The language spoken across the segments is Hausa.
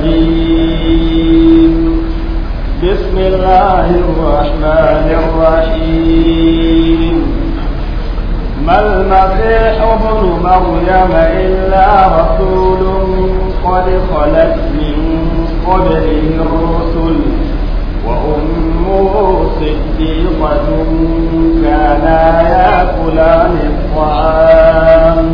الرجيم بسم الله الرحمن الرحيم ما المسيح ابن مريم إلا رسول قد خلت من قبله الرسل وأمه صديقة كانا يأكلان الطعام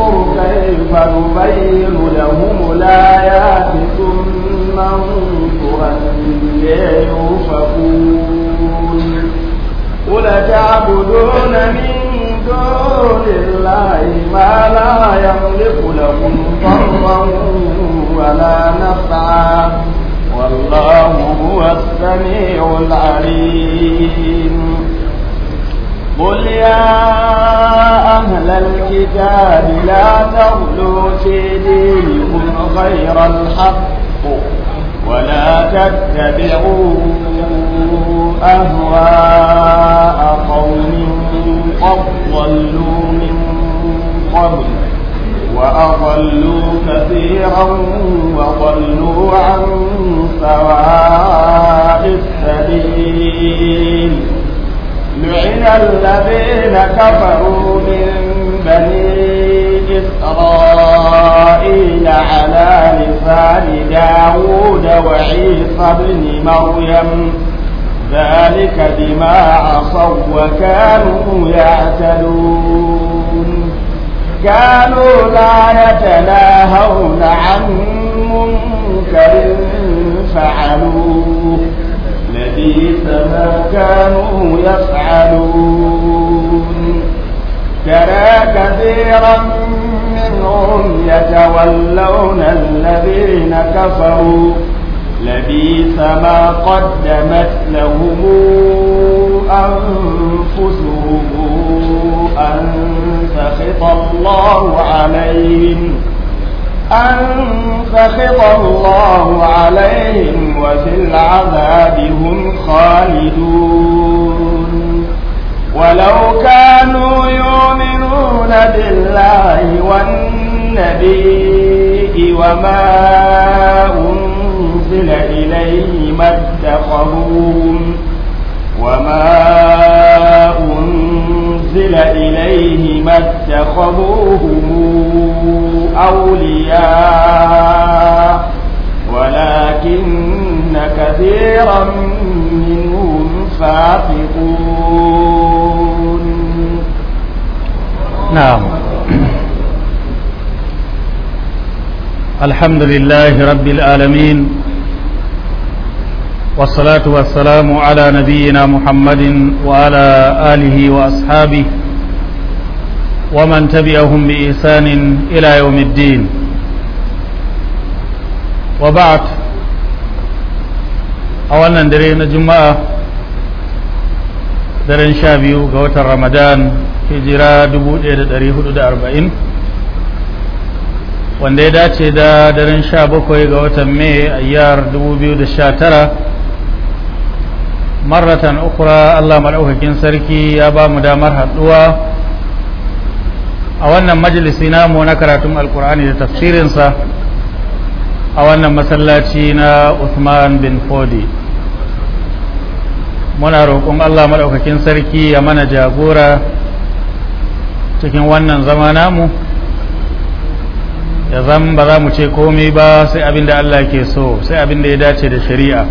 انظر كيف نبين لهم الآيات ثم انظر أني يوفقون قل تعبدون من دون الله ما لا يملك لكم ضرا ولا نفعا والله هو السميع العليم قل يا أهل الكتاب لا تغلوا في دينكم غير الحق ولا تتبعوا أهواء قوم قد ضلوا من قبل وأضلوا كثيرا وضلوا عن سواء السبيل لعن الذين كفروا من بني إسرائيل على لسان داود وعيسى بن مريم ذلك بما عصوا وكانوا يعتدون كانوا لا يتناهون عن منكر فعلوه لبئس ما كانوا يفعلون ترى كثيرا منهم يتولون الذين كفروا لبئس ما قدمت لهم أنفسهم أن سخط الله عليهم أن فخط الله عليهم وفي العذاب هم خالدون ولو كانوا يؤمنون بالله والنبي وما أنزل إليه ما اتخذوهم وما أنزل إليه ما اتخذوهم أولياء ولكن كثيرا منهم فاتقون نعم الحمد لله رب العالمين والصلاة والسلام على نبينا محمد وعلى آله وأصحابه ومن تبعهم بإحسان إلى يوم الدين وبعد أولا درينا جمعة daren sha biyu ga watan ramadan hijira 1440 wanda ya dace da daren sha bakwai ga watan mai ayyar 2019 marratan ukura allah maɗaukakin sarki ya ba mu damar haɗuwa a wannan majalisi namu na karatun alkur'ani da tafsirinsa a wannan masallaci na Uthman bin Fodi muna roƙon Allah maɗaukakin sarki ya mana jagora cikin wannan zama namu ya zan ba za mu ce komai ba sai abin da Allah ke so sai abin da ya dace da shari'a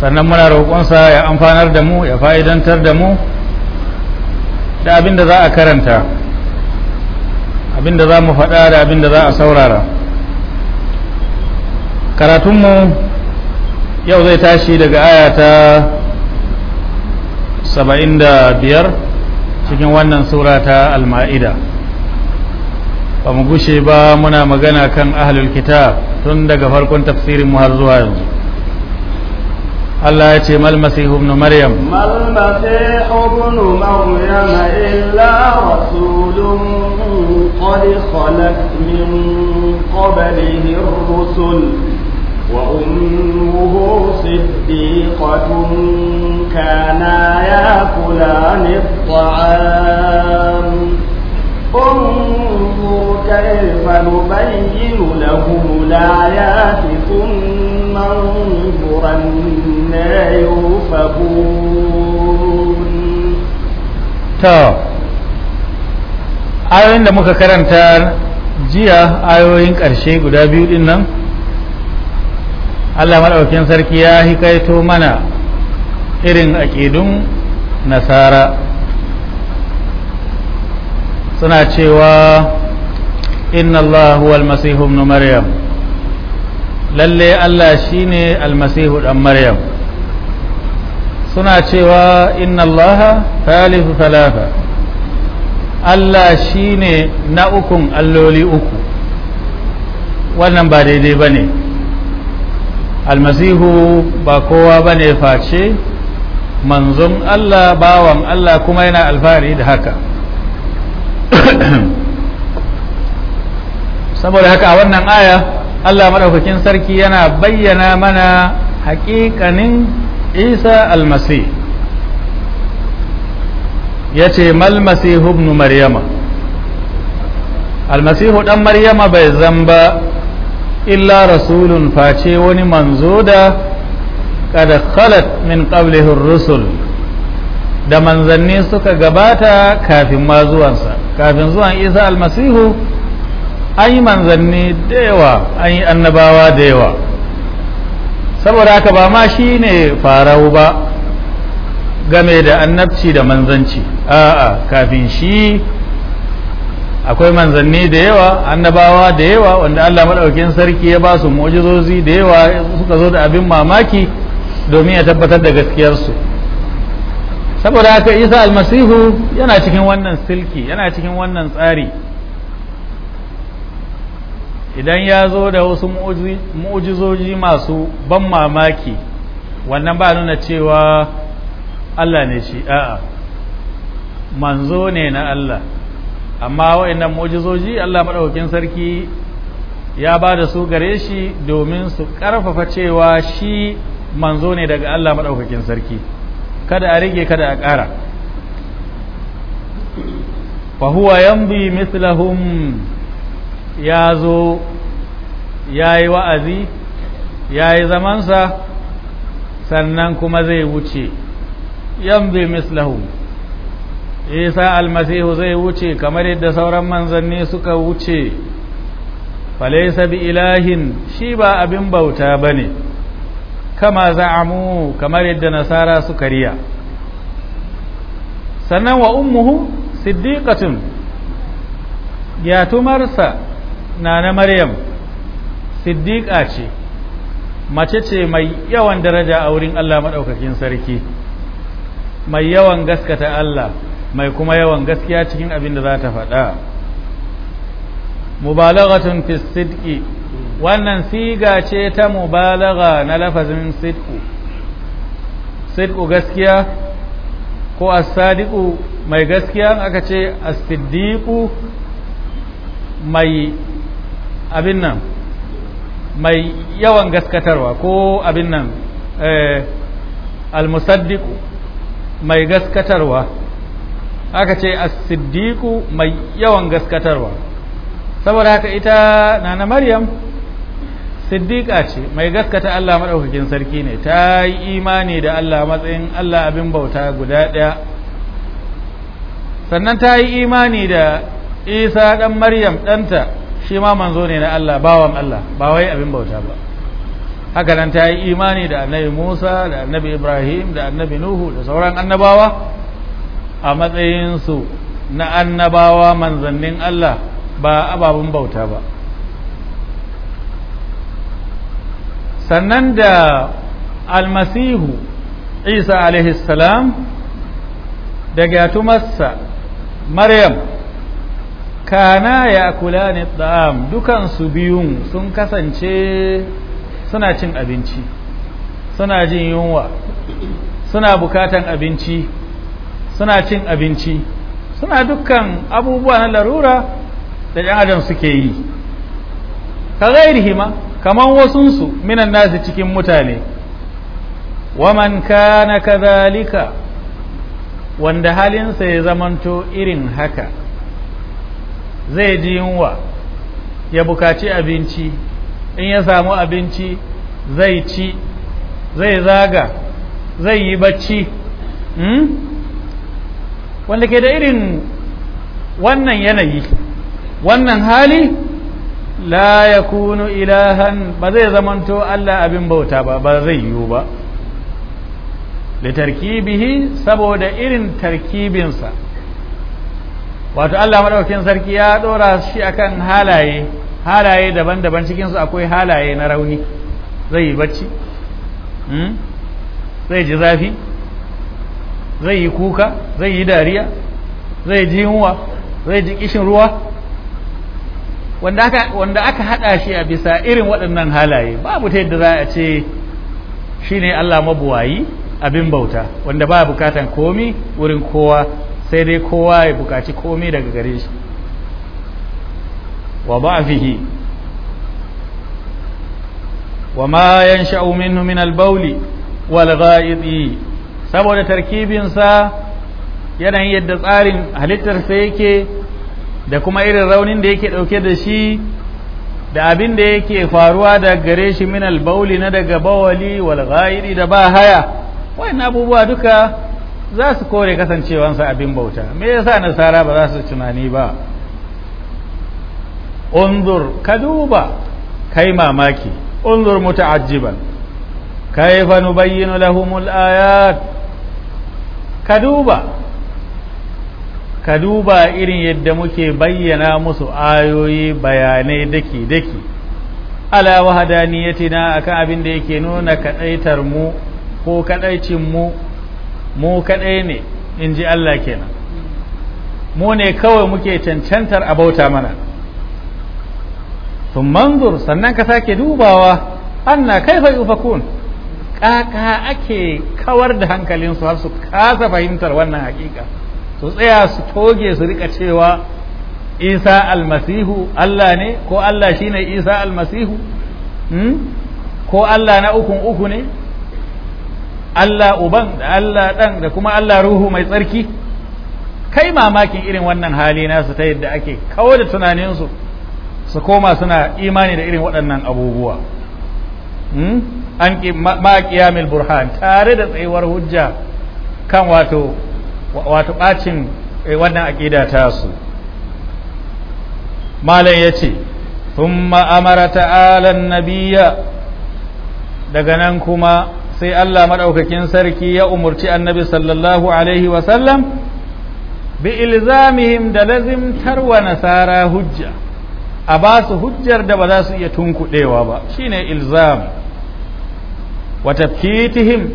sannan muna roƙonsa ya amfanar da mu ya fa'idantar da mu da abin da za a karanta abinda za mu faɗa da abin da za a saurara karatunmu yau zai tashi daga ayata aya da biyar cikin wannan sura ta alma'ida ba mu gushe ba muna magana kan ahalul kitab tun daga farkon tafsirin mu har zuwa yanzu Allah ya ce mal masihu ibn maryam mal masihu ibn maryam قد خلت من قبله الرسل وأمه صديقة كانا يأكلان الطعام انظر كيف نبين لهم الآيات ثم انظر أنا يوفكون ayoyin da muka karanta jiya ayoyin ƙarshe guda biyu din nan Allah maɗaukin sarki ya hikaito mana irin aƙidun nasara suna cewa inna Allah huwa almasihu ibn maryam lalle Allah shine almasihu dan maryam suna cewa inna Allah thalithu thalatha Allah shi ne na ukun alloli uku wannan ba daidai ba ne almasihu ba kowa ba ne face manzon Allah bawan Allah kuma yana alfahari da haka saboda haka a wannan aya Allah maɗaukakin sarki yana bayyana mana haƙiƙanin isa almasihu ya ce malmasihu ibn maryama almasihu dan maryama bai zamba illa rasulun face wani manzo da kada khalat min qablihi rusul da manzanni suka gabata kafin ma zuwansa kafin zuwan isa almasihu an yi manzanni da yawa an yi annabawa da yawa saboda haka ba ma shi ne farau ba game da annabci da manzanci a'a kafin shi akwai manzanni da yawa annabawa da yawa wanda Allah madaukakin sarki ya ba su mu'jizozi da yawa suka zo da abin mamaki domin ya tabbatar da gaskiyarsu saboda haka Isa almasihu yana cikin wannan silki yana cikin wannan tsari idan ya zo da wasu mu'jizoji masu ban mamaki wannan ba nuna cewa Allah ne shi a'a manzo ne na Allah amma wa'annan mu'jizoji Allah madaukakin sarki ya ba da su gare shi domin su karfafa cewa shi manzo ne daga Allah madaukakin sarki kada a rige kada a ƙara fa huwa yambi mithlahum ya zo ya yi wa'azi ya yi zamansa sannan kuma zai wuce yamzi mislahu isa almasihu zai wuce kamar yadda sauran manzanni suka wuce falaisa bi ilahin shi ba abin bauta bane kama za'amu kamar yadda nasara suka riya sannan wa ummuhu siddiqatun yatumarsa nana maryam siddiqa ce mace ce mai yawan daraja a wurin Allah madaukakin sarki mai yawan gaskata Allah mai kuma yawan gaskiya cikin abin da za ta faɗa mubalaghatun fi wannan siga ce ta mubalagha na lafazin sidku sidku gaskiya ko as-sadiqu mai gaskiya aka ce as-siddiqu mai abin nan mai yawan gaskatarwa ko abin nan eh, al-musaddiqu mai gaskatarwa aka ce as-siddiqu mai yawan gaskatarwa saboda haka ita nana maryam siddiqa ce mai gaskata Allah maɗaukakin sarki ne ta yi imani da Allah matsayin Allah abin bauta guda ɗaya sannan ta yi imani da Isa dan Maryam danta shi ma manzo ne na Allah bawan Allah ba wai abin bauta ba haka nan ta yi imani da annabi Musa da annabi Ibrahim da annabi Nuhu da sauran annabawa a matsayinsu na annabawa manzannin Allah ba ababun bauta ba sannan da almasihu isa salam da gatumarsa maryam kana ya kula ne dukansu biyun sun kasance suna cin abinci suna jin yunwa suna bukatan abinci suna cin abinci suna dukkan abubuwa na larura da ɗan adam suke yi ka gairi hima kamar wasunsu minan nasu cikin mutane waman kana kazalika wanda halinsa ya zamanto irin haka zai ji yunwa ya bukaci abinci in ya samu abinci zai ci zai zaga zai yi bacci hmm? wanda ke da irin wannan yanayi wannan hali la ya kunu ilahan ba zai zamanto Allah abin bauta ba ba zai yiwu ba da tarkibihi saboda irin tarkibinsa wato Allah maɗaukin sarki ya ɗora shi akan halaye halaye daban-daban cikinsu akwai halaye na rauni zai yi bacci hmm? zai ji zafi zai yi kuka zai yi dariya zai ji yunwa zai ji kishin ruwa wanda aka hada shi a bisa irin waɗannan halaye babu ta yadda za a ce shi ne Allah mabuwayi abin bauta wanda ba bukatan komi wurin kowa sai dai kowa ya bukaci komi daga gare shi وضعفه وما ينشأ منه من البول والغائط saboda tarkibinsa yanayin yadda tsarin halittarsa yake da kuma irin raunin da yake ɗauke da shi da abin da yake faruwa da gare shi min albauli na daga bawali wal ghairi da ba haya wayannan abubuwa duka za su kore kasancewansa abin bauta me yasa nasara ba za su tunani ba unzur ka duba kai mamaki unzur muta'ajjiban kayfa nubayyinu lahumul ayat ka duba ka duba irin yadda muke bayyana musu ayoyi bayanai daki daki ala wahadaniyatina akan abin da yake nuna kadaitar mu ko kadaicin mu mu kadai ne in ji Allah kenan mu ne kawai muke cancantar abauta mana sun manzur sannan ka sake dubawa anna kaifa yufakun kaka ake kawar da hankalinsu har su kasa fahimtar wannan hakika su tsaya su toge su rika cewa isa almasihu Allah ne ko Allah shine isa almasihu ko Allah na ukun uku ne Allah uban da Allah dan da kuma Allah ruhu mai tsarki kai mamakin irin wannan hali nasu ta yadda ake kawo da tunaninsu su koma suna imani da irin waɗannan abubuwa hmm? an ƙi maƙiyamil burhan tare da tsayuwar hujja kan wato ɓacin eh, wannan aƙida ta su malam ya ce sun ma'amara ta'alan nabiya daga nan kuma sai allah maɗaukakin sarki ya umarci annabi sallallahu alaihi wasallam bi ilzamihim da lazimtar wa nasara hujja a ba su hujjar da ba za su iya tunkuɗewa ba shine ilzam wa tafkitihim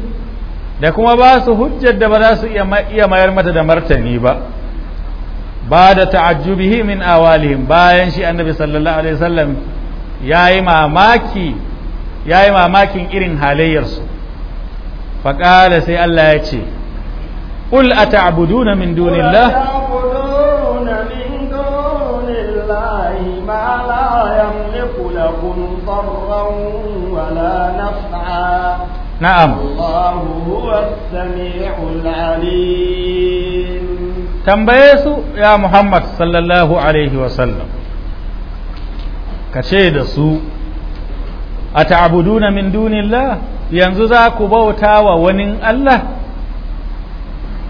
da kuma ba su hujjar da ba za su iya mayar mata da martani ba ba da ta'ajjubihi min awalihim bayan shi annabi sallallahu alaihi wasallam yayi mamaki yayi mamakin irin halayyarsu faqala sai Allah ya ce qul ata'buduna min dunillah ما لا يملك لكم ضرا ولا نفعا نعم الله هو السميع العليم tambaye su ya Muhammad sallallahu alaihi wasallam ka ce da su a ta'abuduna min dunillah yanzu za ku bauta wa wani Allah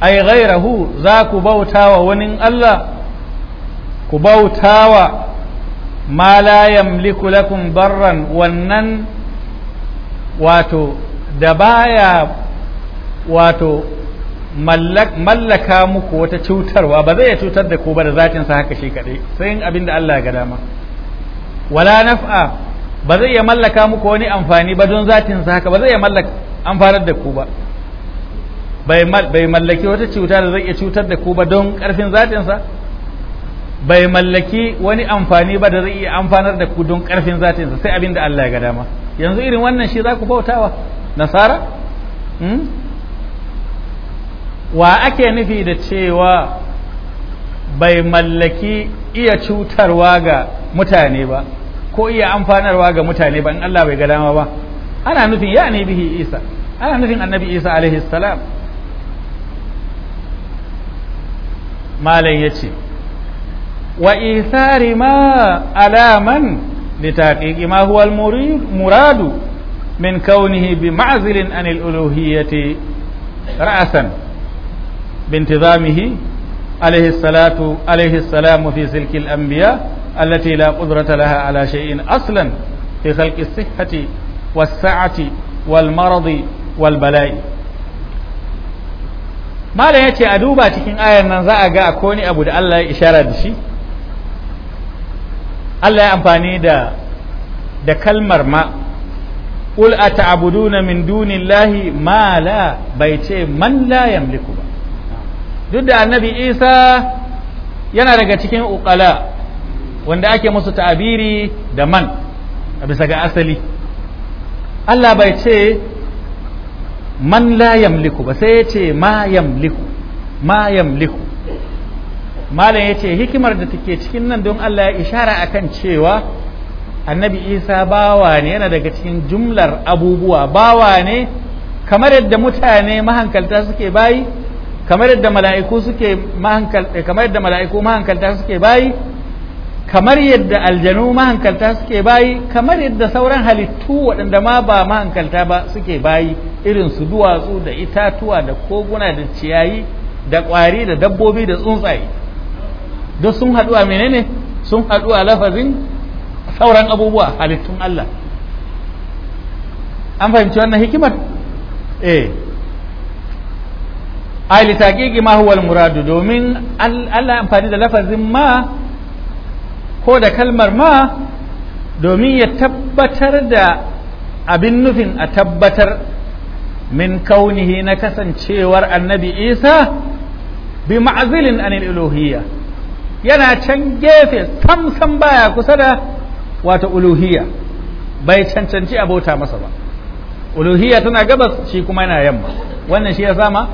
ai ghairahu za ku bauta wa wani Allah ku bauta wa ma la yamliku lakum barran wannan wato da baya wato mallaka muku wata cutarwa ba zai cutar da ku ba da zatin sa haka shi kadai sai in abinda Allah ya ga dama wala naf'a ba zai ya mallaka muku wani amfani ba don zatin sa haka ba zai ya mallaka amfanar da ku ba bai mallaki wata cuta da zai iya cutar da ku ba don karfin zatin sa bai mallaki wani amfani ba da zai iya amfanar da ku karfin zatinsa sai abin da Allah ya ga dama yanzu irin wannan shi za ku bautawa nasara hmm? wa ake nufi da cewa bai mallaki iya cutarwa ga mutane ba ko iya amfanarwa ga mutane ba in Allah bai ga dama ba ana nufin ya ne bihi isa ana nufin annabi isa alaihi salam malam ya ce wa isari ma alaman litaqiqi ma huwa muradu min kaunihi bi ma'zilin an al-uluhiyyati bintizamihi عليه الصلاة عليه السلام في سلك الأنبياء التي لا قدرة لها على شيء أصلا في خلق الصحة والسعة والمرض والبلاء ما لا يأتي أدوبة cikin ayar nan za a ga akwai abu da Allah ya ishara da shi Allah ya amfani da da kalmar ma qul ata'buduna min dunillahi ma la bai ce man la yamliku ba duk da annabi Isa yana daga cikin uqala wanda ake musu ta'abiri da man a bisa ga asali Allah bai ce man la yamliku ba sai ya ce ma yamliku ma yamliku malam ya ce hikimar da take cikin nan don Allah ya ishara akan cewa annabi isa bawa ne yana daga cikin jumlar abubuwa bawa ne kamar yadda mutane mahankalta suke bayi kamar yadda mala'iku suke mahankalta eh, kamar yadda mala'iku mahankalta suke bayi kamar yadda aljanu mahankalta suke bayi kamar yadda sauran halittu waɗanda ma ba mahankalta ba suke bayi irin su duwatsu da itatuwa da koguna da ciyayi da ƙwari da dabbobi da tsuntsaye duk sun haɗu a menene sun haɗu a lafazin sauran abubuwa halittun Allah an fahimci wannan hikimar eh a litaƙiƙi ma huwal muradu domin Allah amfani da lafazin ma ko da kalmar ma domin ya tabbatar da abin nufin a tabbatar min kaunihi na kasancewar annabi isa bi ma'azilin anil iluhiyya yana can gefe sam baya kusa da wata uluhiya bai cancanci abota masa ba uluhiya tana gabas shi kuma yana yamma wannan shi ya sama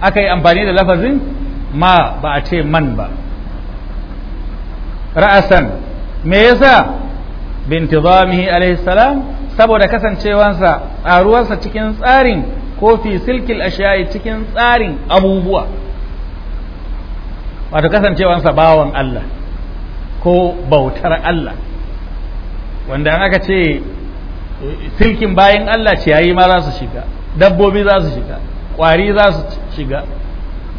aka yi amfani da lafazin ma ba a ce man ba ra'asan me yasa bintizamihi alaihi salam saboda kasancewansa a ruwansa cikin tsarin ko fi silkil ashiyayi cikin tsarin abubuwa wato kasancewansa bawan Allah ko bautar Allah wanda an aka ce eh, silkin bayan Allah ciyayi ma za su shiga dabbobi za su shiga ƙwari za su shiga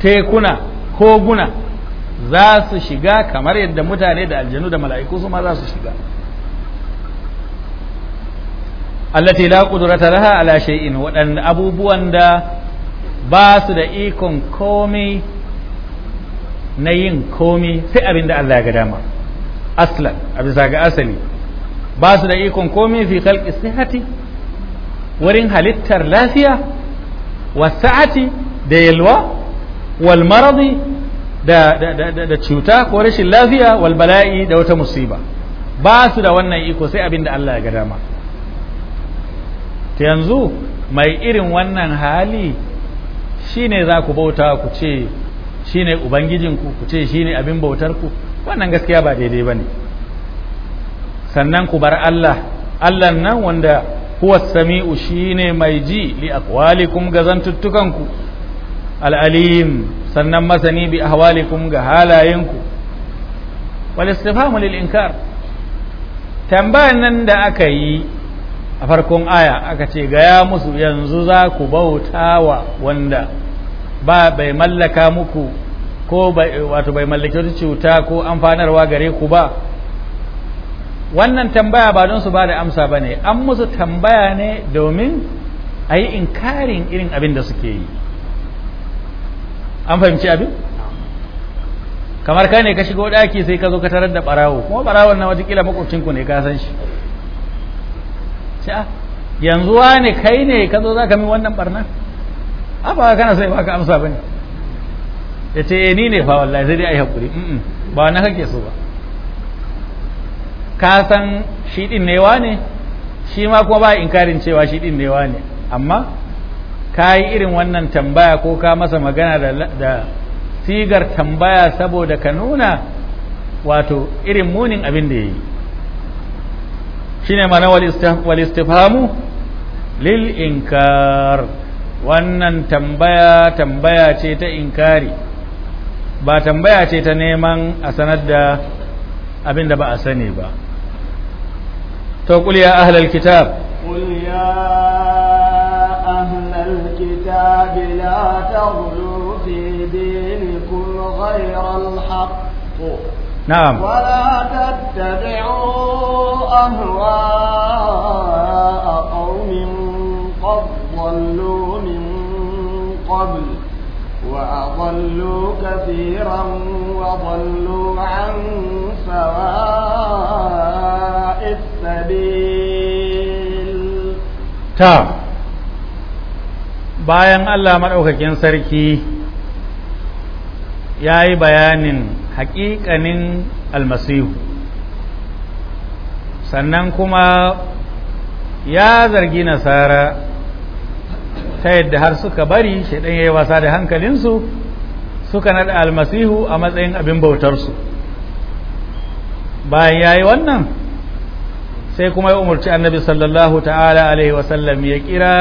tekuna koguna za su shiga kamar yadda mutane da aljanu da mala'iku su ma za su shiga allati la qudrata laha ala shay'in waɗanda abubuwan da ba su da ikon komai na yin komi sai abin da Allah ya ga dama aslan a bisa ga asali ba su da ikon komi fi khalqi sihati wurin halittar lafiya wasa'ati da yalwa wal maradi da, da cuta ko rashin lafiya wal bala'i da wata musiba ba su da wannan iko sai abin da Allah ya ga dama ta yanzu mai irin wannan hali shine za ku bauta ku ce shine ubangijinku ku ce shine abin bautarku wannan gaskiya ba daidai ba ne sannan ku bar Allah Allah nan wanda huwa sami'u shine mai ji li aqwalikum ga zantuttukanku al-alim sannan masani bi ahwalikum ga halayenku wal istifhamu lil inkar tambayan nan da aka yi a farkon aya aka ce ga ya musu yanzu za ku bautawa wanda ba bai mallaka muku ko wato bai mallaki wata cuta ko amfanarwa gare ku ba wannan tambaya ba don su ba da amsa ba ne an musu tambaya ne domin a yi inkarin irin abin da suke yi an fahimci abin kamar ka ne ka shigo ɗaki sai ka zo ka tarar da ɓarawo kuma ɓarawon na ƙila ku ne ka san shi yanzu wa ne kai ne ka zo za ka min wannan barna A'a ba kana sai baka amsa bane ya eh ni ne fa wallahi sai dai ai hakuri ba na kake so ba ka san shi din ne wane shi ma kuma ba inkarin cewa shi din ne wane amma ka yi irin wannan tambaya ko ka masa magana da sigar tambaya saboda ka nuna wato irin munin abin da ya yi shi ne mana wal istifhamu lil inkar wannan tambaya tambaya ce ta inkari ba tambaya ce ta neman a sanar da abin da ba a sani ba to kul ya ahlal kitab qul ya ahlal kitab la taghlu fi dinikum ghayra al-haqq na'am wala tattabi'u ahwa'a qaumin qad dhallu قبل وأضلوا كثيرا وضلوا عن سواء السبيل تام bayan Allah maɗaukakin sarki ya yi bayanin haƙiƙanin almasihu sannan kuma ya zargi nasara ta yadda har suka bari shaidan ya yi wasa da hankalinsu suka naɗa almasihu a matsayin abin bautarsu bayan ya yi wannan sai kuma ya umarci annabi sallallahu ta'ala alaihi wasallam ya kira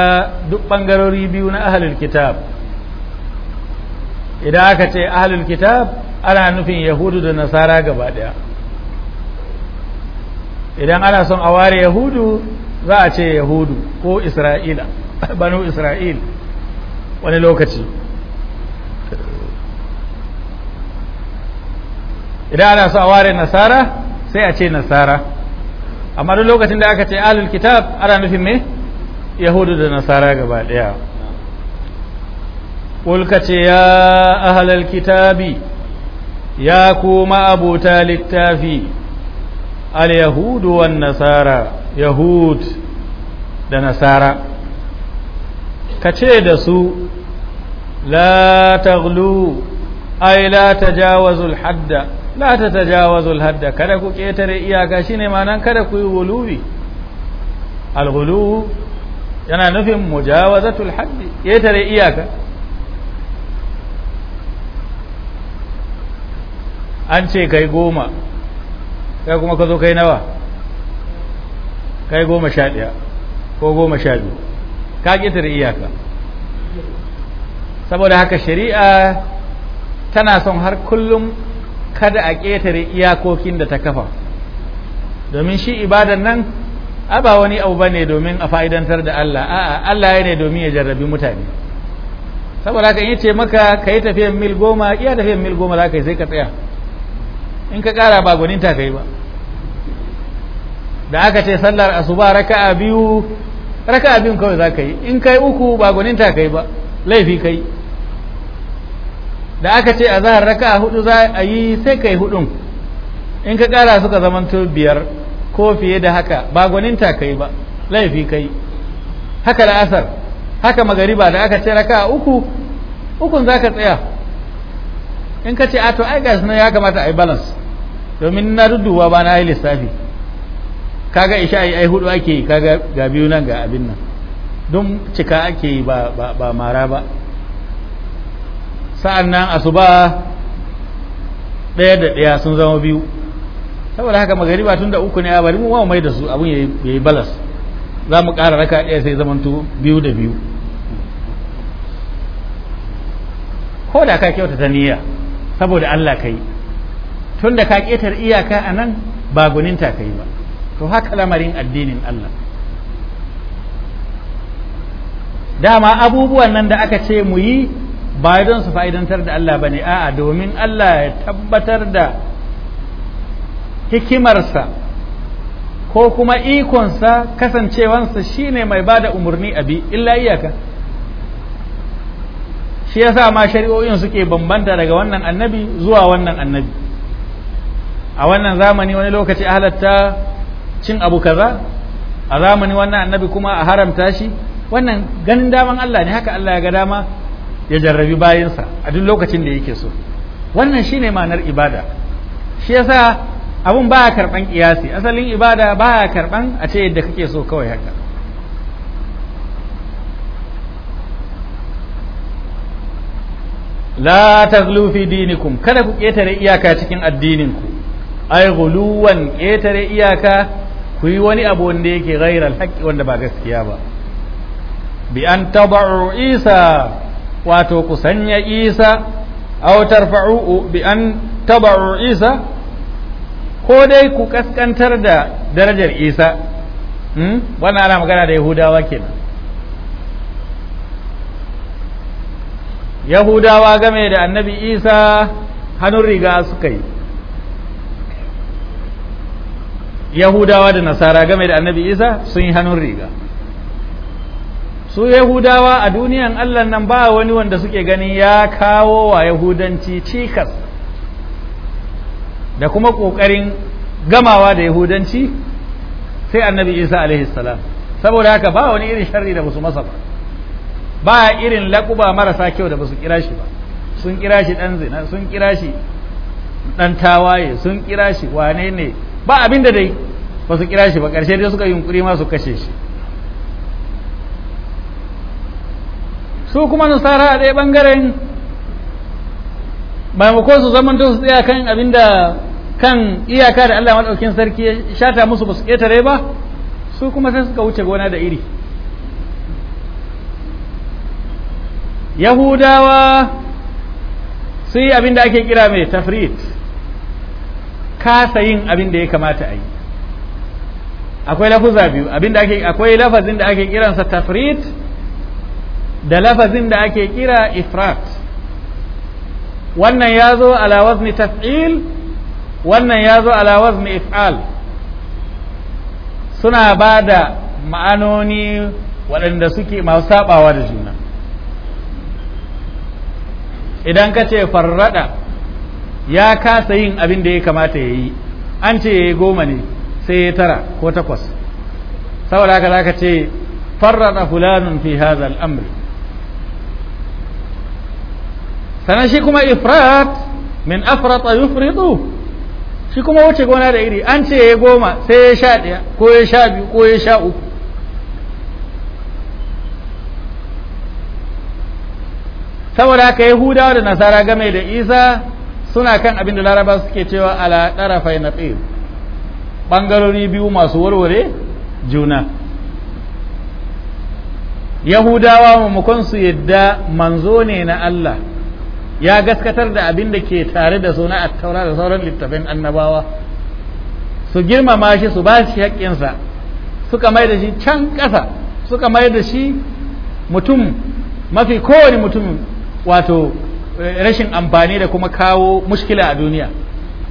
duk ɓangarori biyu na ahalul kitab idan aka ce ahalul kitab ana nufin yahudu da nasara gaba ɗaya idan ana son a ware yahudu za a ce yahudu ko isra'ila banu isra'il wani lokaci idan ana so a ware nasara sai a ce nasara amma duk lokacin da aka ce alul kitab ana nufin me yahudu da nasara gaba daya kulka ce ya ahalal kitabi ya kuma abota littafi al yahudu wan nasara yahud da nasara ka ce da su la taglu ai la tajawazul hadda la ta tajawazul hadda kada ku ƙetare iyaka shine manan kada ku yi guluwi al yana nufin mujawazatul haddi ƙetare iyaka an ce kai goma kai kuma ka zo kai nawa kai goma sha ɗaya ko goma sha biyu ka ƙetare iyaka saboda haka shari'a tana son har kullum kada a ƙetare iyakokin da ta kafa domin shi ibadan nan ba wani abu bane ne domin a fa'idantar da Allah a'a Allah ya ne domin ya jarrabi mutane saboda haka in ce maka ka yi tafiyan mil goma iya tafiyan mil goma za ka yi sai ka tsaya in ka ƙara ba ta ka yi ba da aka ce sallar asuba raka'a biyu raka abin kawai za ka yi in kai uku ba gwaninta kai ba laifi kai da aka ce a zahar raka a hudu za a yi sai kai hudun in ka kara suka zaman biyar ko fiye da haka ba gwaninta kai ba laifi kai haka la'asar haka magariba da aka ce raka uku ukun za ka tsaya in ka ce a to ai gas na ya kamata a yi balance domin na duduwa ba na yi lissafi kaga isha'i ai hudu ake kaga ga biyu nan ga abin nan don cika ake yi ba ba mara ba sa'an nan asuba ɗaya da ɗaya sun zama biyu saboda haka ba tun da uku ne a bari mu mai da su abun ya yi balas za mu ƙara raka ɗaya sai zamanto biyu da biyu ko da ka kyauta ta niyya saboda Allah ka yi tun da ka ƙetar iyaka a nan ba guninta ka yi ba to haka lamarin addinin Allah dama abubuwan nan da aka ce mu yi ba don su fa'idantar da Allah ba ne a domin Allah ya tabbatar da hikimarsa ko kuma ikonsa kasancewansa shine mai ba da umarni abi illa iyaka shi yasa ma shari'o'in suke bambanta daga wannan annabi zuwa wannan annabi a wannan zamani wani lokaci halatta cin abu kaza a zamani wannan annabi kuma a haramta shi wannan ganin daman Allah ne haka Allah ya ga dama ya jarrabi bayansa a duk lokacin da yake so wannan shine ma'anar ibada shi yasa abun ba karban kiyasi asalin ibada ba karban a ce yadda kake so kawai haka la taghlu fi dinikum kada ku ketare iyaka cikin addininku ai guluwan ketare iyaka ku yi wani abu wanda yake ghairal haqqi wanda ba gaskiya ba bi an tad'u isa wato ku sanya isa aw tarfa'u bi an tad'u isa ko dai ku kaskantar da darajar isa hmm? wannan ana magana da yahudawa kenan yahudawa game da annabi isa hannun riga suka yi yahudawa da nasara game da annabi isa sun yi hannun riga su yahudawa a duniyan allah nan ba wani wanda suke gani ya kawo wa yahudanci cikas da kuma ƙoƙarin gamawa da yahudanci sai annabi isa salam saboda haka ba wani irin sharri da basu masa ba ba irin laƙuba marasa kyau da basu kira shi ba sun kira shi ɗan zina sun kira shi ɗan tawaye sun kira shi wane ne ba abin da dai ba su kira shi ba ƙarshe dai suka yunkuri ma su kashe shi su kuma nasara a ɗaya ɓangaren maimakon su zaman su tsaya kan abin kan iyaka da Allah maɗaukin sarki ya shata musu ba su ƙetare ba su kuma sai suka wuce gona da iri yahudawa su yi abin da ake kira mai tafrit kasa yin abin da ya kamata a yi akwai lafuza biyu abin da ake akwai lafazin da ake kiransa tafrit da lafazin da ake kira ifrat wannan ya zo ala wazni taf'il wannan ya zo ala wazni if'al suna ba da ma'anoni waɗanda suke masu saɓawa da juna idan ka ce farrada ya kasa yin abin da ya kamata ya yi an ce ya yi goma ne sai ya tara ko takwas saboda haka zaka ce farrada fulanun fi hadha al'amri Sana sanan shi kuma ifrat min afrata yufridu shi kuma wuce gona da iri an ce ya yi goma sai ya sha ɗaya ko ya sha biyu ko ya sha uku saboda haka yahudawa da nasara game da isa suna kan abin da laraba suke cewa ala ɗarafai na tsir ɓangarori biyu masu warware juna yahudawa mamakon su yadda manzo ne na Allah ya gaskatar da abin da ke tare da suna a taura da sauran littafin annabawa su girmama shi su ba shi haƙƙinsa suka mai da shi can ƙasa suka mai da shi mutum mafi kowane mutum wato rashin amfani da kuma kawo mushkila a duniya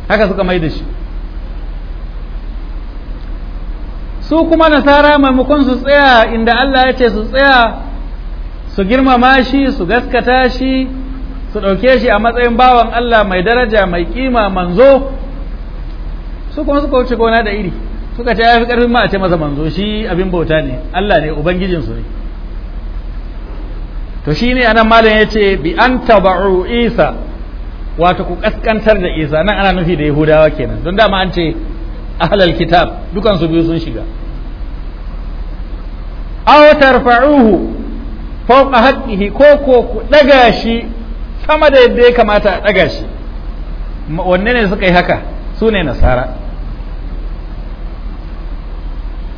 haka suka mai da shi su kuma nasara maimakon su tsaya inda Allah ya ce su tsaya su girmama shi su gaskata shi su ɗauke shi a matsayin bawan Allah mai daraja mai kima manzo su kuma suka wuce gona da iri suka ce ya fi ƙarfin ma a ce masa manzo shi abin bauta ne Allah ne ubangijinsu ne to shine anan malam yace bi an tabu isa wato ku kaskantar da isa nan ana nufi da yahudawa kenan don dama an ce ahlal kitab dukan su biyu sun shiga aw tarfa'uhu fawqa haqqihi ko ko ku daga shi sama da yadda ya kamata a daga shi wanne ne suka yi haka su ne nasara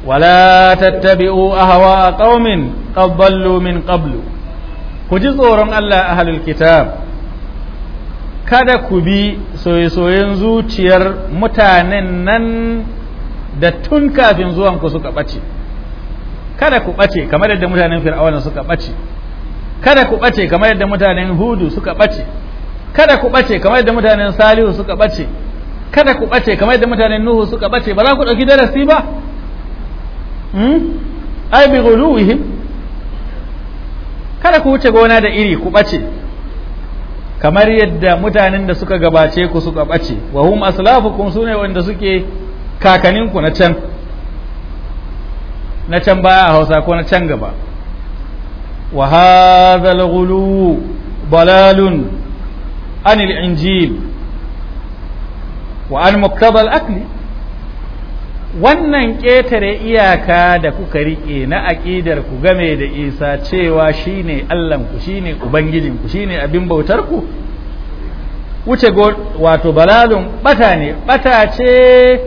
wala tattabi'u ahwa qaumin qad min qablu ku ji tsoron Allah ahlul kitab kada ku bi soye-soyen zuciyar mutanen nan da tun kafin zuwan ku suka ɓace kada ku ɓace kamar yadda mutanen fir'auna suka ɓace kada ku ɓace kamar yadda mutanen hudu suka ɓace kada ku ɓace kamar yadda mutanen salihu suka ɓace kada ku ɓace kamar yadda mutanen nuhu suka ɓace ba za ku ɗauki darasi ba hmm? ai bi guluwihim kada ku wuce gona da iri ku ɓace kamar yadda mutanen da suka gabace ku suka ɓace wa hum aslafukum sune wanda suke kakaninku na can na can baya a hausa ko na can gaba wa hadhal ghulu balalun anil injil wa an muktabal akli wannan ƙetare iyaka da kuka riƙe na aƙidar ku game da isa cewa shine ne allahnku shine ne ubangijinku shine abin bautarku wuce wato balalun ɓata ne ɓata ce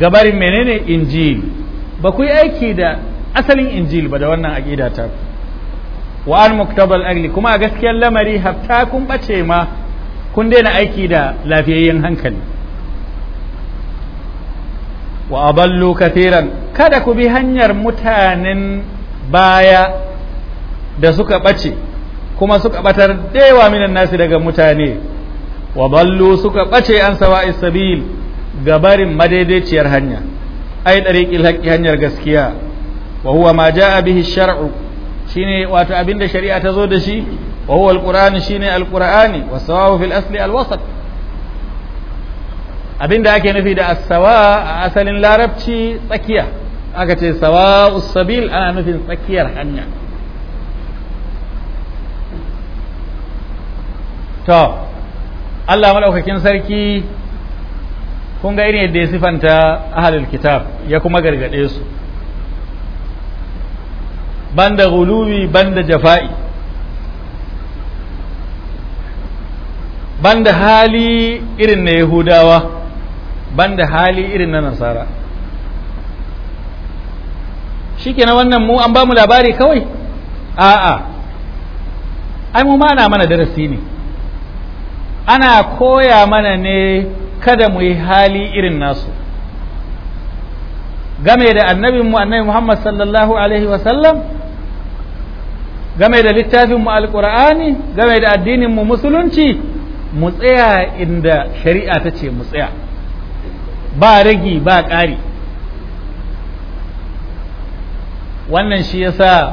gabarin menene injil ba ku yi aiki da asalin injil ba da wannan aƙida ta wa an muktabal agli kuma a gaskiyar lamari hafta kun bace ma kun daina aiki da lafiyayyen hankali wa aballu kathiran kada ku bi hanyar mutanen baya da suka ɓace kuma suka ɓatar dewa minan nasi daga mutane wa ballu suka ɓace an sawa sabil gabarin madaidaiciyar hanya ai ɗariƙil haƙƙi hanyar gaskiya wa huwa ma ja'a bihi shar'u shine wato abinda shari'a ta zo da shi wa huwa alqur'ani shine alqur'ani wa sawahu fil asli alwasat abinda ake nufi da asawa a asalin larabci tsakiya aka ce sawa usabil ana nufin tsakiyar hanya to Allah maɗaukakin sarki kun ga irin yadda ya sifanta ahalul kitab ya kuma gargaɗe su banda guluwi banda jafa'i banda hali irin na yahudawa banda hali irin na nasara shi ke na wannan mu an ba mu labari kawai a'a ai mu mana mana darasi ne ana koya mana ne kada mu yi hali irin nasu game da mu annabi muhammad sallallahu alaihi wasallam game da littafin mu alkur'ani game da addinin mu musulunci mu tsaya inda shari'a ta ce mu tsaya ba ragi ba ƙari wannan shi yasa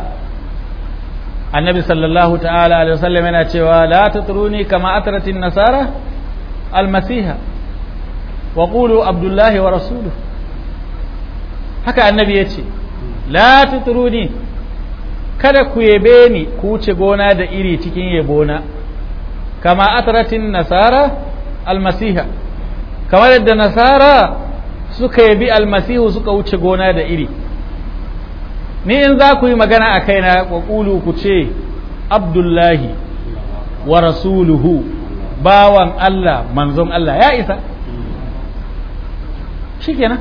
annabi sallallahu ta'ala alaihi wasallam yana cewa la tatruni kama atratin nasara almasiha wa qulu abdullahi wa rasuluhu haka annabi yace la tatruni kada ku yebe ni ku wuce gona da iri cikin yebona kama atratin nasara almasiha kamar yadda nasara suka yabi almasihu suka wuce gona da iri ni in za ku yi magana a kaina ƙwaƙulu ku ce abdullahi wa rasuluhu bawan Allah manzon Allah ya isa shi kenan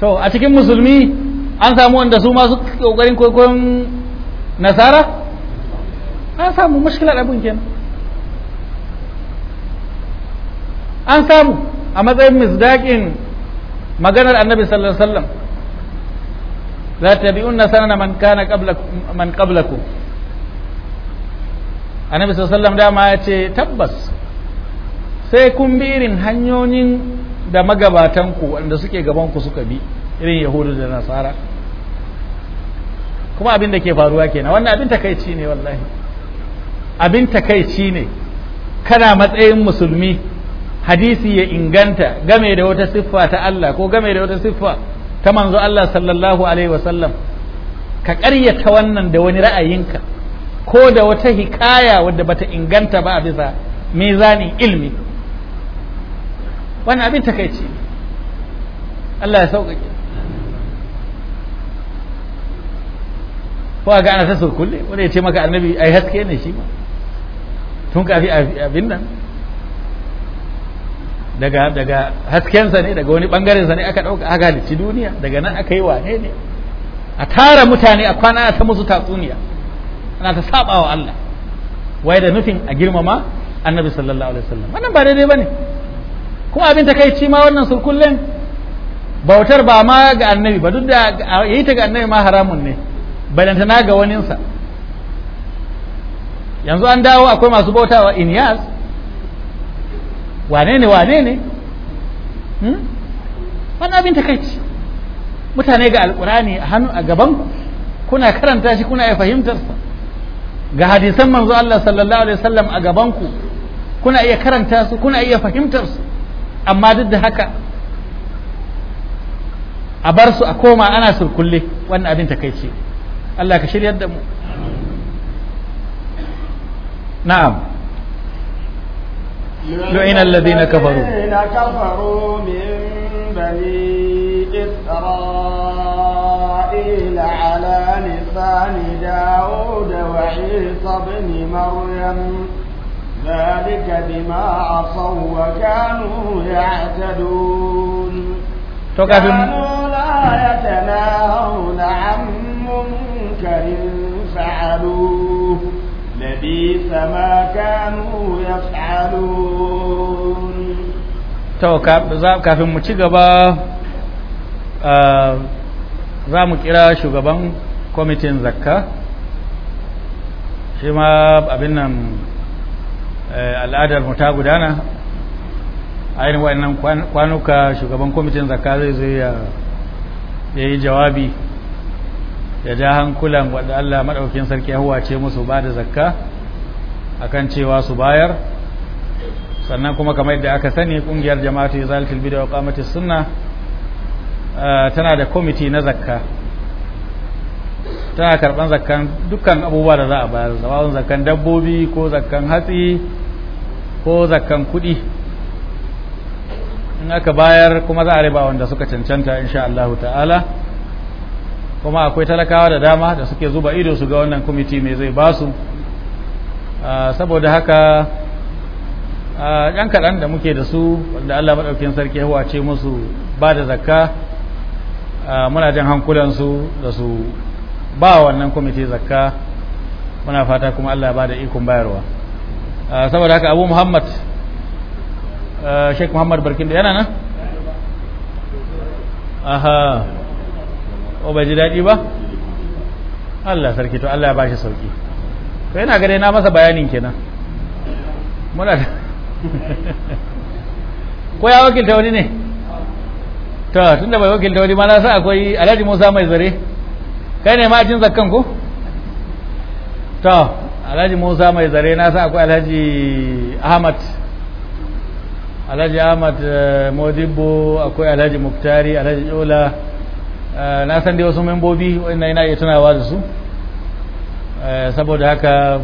to a cikin musulmi an samu wanda su masu ƙoƙarin kwaikwayon nasara an samu mashkilar abin kenan an samu a matsayin misdaƙin maganar annabi sallallahu alaihi wasallam la tabi'unna sanana man kana qablakum man qablakum annabi sallallahu alaihi wasallam dama ya ce tabbas sai kun bi irin hanyoyin da magabatan ku wanda suke gaban ku suka bi irin yahudu da nasara kuma abin da ke faruwa kenan wannan abin takaici ne wallahi abin takaici ne kana matsayin musulmi hadisi ya inganta game da wata siffa ta Allah ko game da wata siffa ta manzo Allah sallallahu alaihi wasallam ka ƙaryata wannan da wani ra'ayinka ko da wata hikaya wadda bata inganta ba a bisa mizanin ilmi wannan abin takaici Allah ya sauƙaƙe ko a gana ta kulle, wanda ya ce maka annabi ai haske ne shi ma tun kafi abin nan daga daga haskensa ne daga wani bangaren sa ne aka dauka aka halicci duniya daga nan aka yi wane ne a tara mutane a kwana ta musu tatsuniya ana ta saba wa Allah wai da nufin a girmama annabi sallallahu alaihi wasallam wannan ba daidai bane kuma abin ta ci ma wannan sulkullen bautar ba ma ga annabi ba duk da yayi ta ga annabi ma haramun ne balantana ga waninsa yanzu an dawo akwai masu bautawa inyas Wanene wanene wane ne wani hmm? abin takaici mutane ga alkurani a hannu a gaban kuna karanta shi kuna ya fahimtarsa ga hadisan manzo Allah sallallahu alaihi wasallam a gaban ku kuna iya karanta su kuna iya fahimtar su amma duk da haka a bar su a koma ana surkulle wannan abin takaici Allah ka shiryar da mu na'am لعن الذين كفروا الذين كفروا من بني إسرائيل على لسان داود وعيسى بن مريم ذلك بما عصوا وكانوا يعتدون كانوا لا يتناهون عن منكر فعلوه لبيس ما كانوا يفعلون تو كاب mu ci gaba za kira shugaban kwamitin zakka shi abin nan al'adar mu ta gudana a wa'annan kwanuka shugaban kwamitin zakka zai zai ya yi jawabi da ja hankulan wadda Allah maɗaukin sarki ya huwace musu ba da zakka akan cewa su bayar sannan kuma kamar yadda aka sani kungiyar jama'atu izalatul bid'a wa qamatis sunna tana da committee na zakka tana karban zakkan dukkan abubuwa da za a bayar zakkan dabbobi ko zakkan hatsi ko zakkan kudi in aka bayar kuma za a riba wanda suka cancanta insha Allah ta'ala kuma akwai talakawa da dama da suke zuba ido su ga wannan kwamiti mai zai basu ah, saboda haka ah, ɗan kaɗan da muke da su wanda Allah maɗaukin sarki ya ce musu ba da zakka ah, muna jan hankulansu da su ba wannan kwamiti zakka muna fata kuma Allah ba da ikon bayarwa saboda haka abu muhammad sheik muhammad barkin da yana nan aha o bai ji daɗi ba Allah sarki to Allah ya bashi sauki to yana gare na masa bayanin kenan muna ko ya wakilta wani ne to tunda bai wakilta wani ma na sa akwai Alhaji Musa mai zare kai ne ma jin zakkan ko to Alhaji Musa mai zare na sa akwai Alhaji Ahmad Alhaji Ahmad eh, Modibo akwai Alhaji Muktari Alhaji Ola Eh, na san dai wasu membobi wanda yana iya tunawa da su eh, saboda haka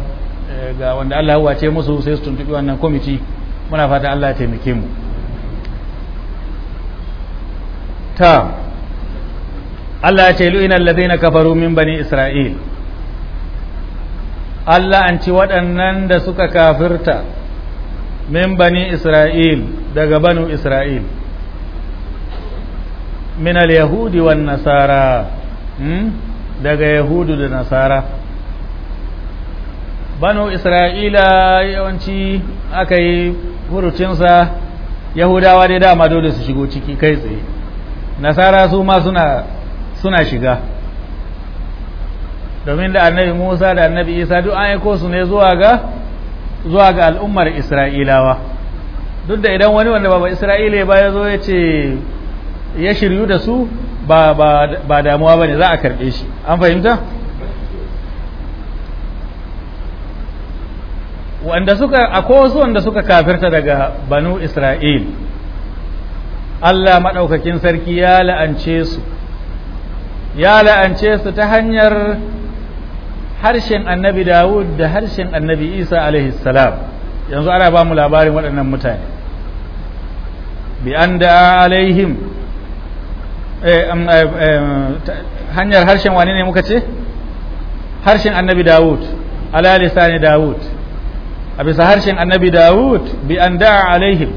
eh, ga wanda Allah ya wace musu sai su tuntubi wannan kwamiti muna fata Allah ya taimake mu ta Allah ya ce lu'ina allazina kafaru min bani isra'il Allah an ci waɗannan da suka kafirta min bani isra'il daga banu isra'il من اليهود والنصارى daga yahudu da nasara banu isra'ila yawanci aka yi furucinsa yahudawa dai dama dole su shigo ciki kai tsaye nasara su ma suna suna shiga domin da annabi musa da annabi isa duk an aiko su ne zuwa ga zuwa ga al'ummar isra'ilawa duk da idan wani wanda baba isra'ila ba ya zo ya ce ya shiryu da su ba ba damuwa bane za a karbe shi an fahimta wanda suka akwai wanda suka kafirta daga banu isra'il Allah maɗaukakin sarki ya la'ance su ya la'ance su ta hanyar harshen annabi Dawud da harshen annabi Isa alaihi salam yanzu ana ba mu labarin waɗannan mutane bi an da alaihim Eh, eh, eh, hanyar harshen wani ne muka ce harshen annabi dawud ala ne dawud a bisa harshen annabi dawud bi an da'a alaihim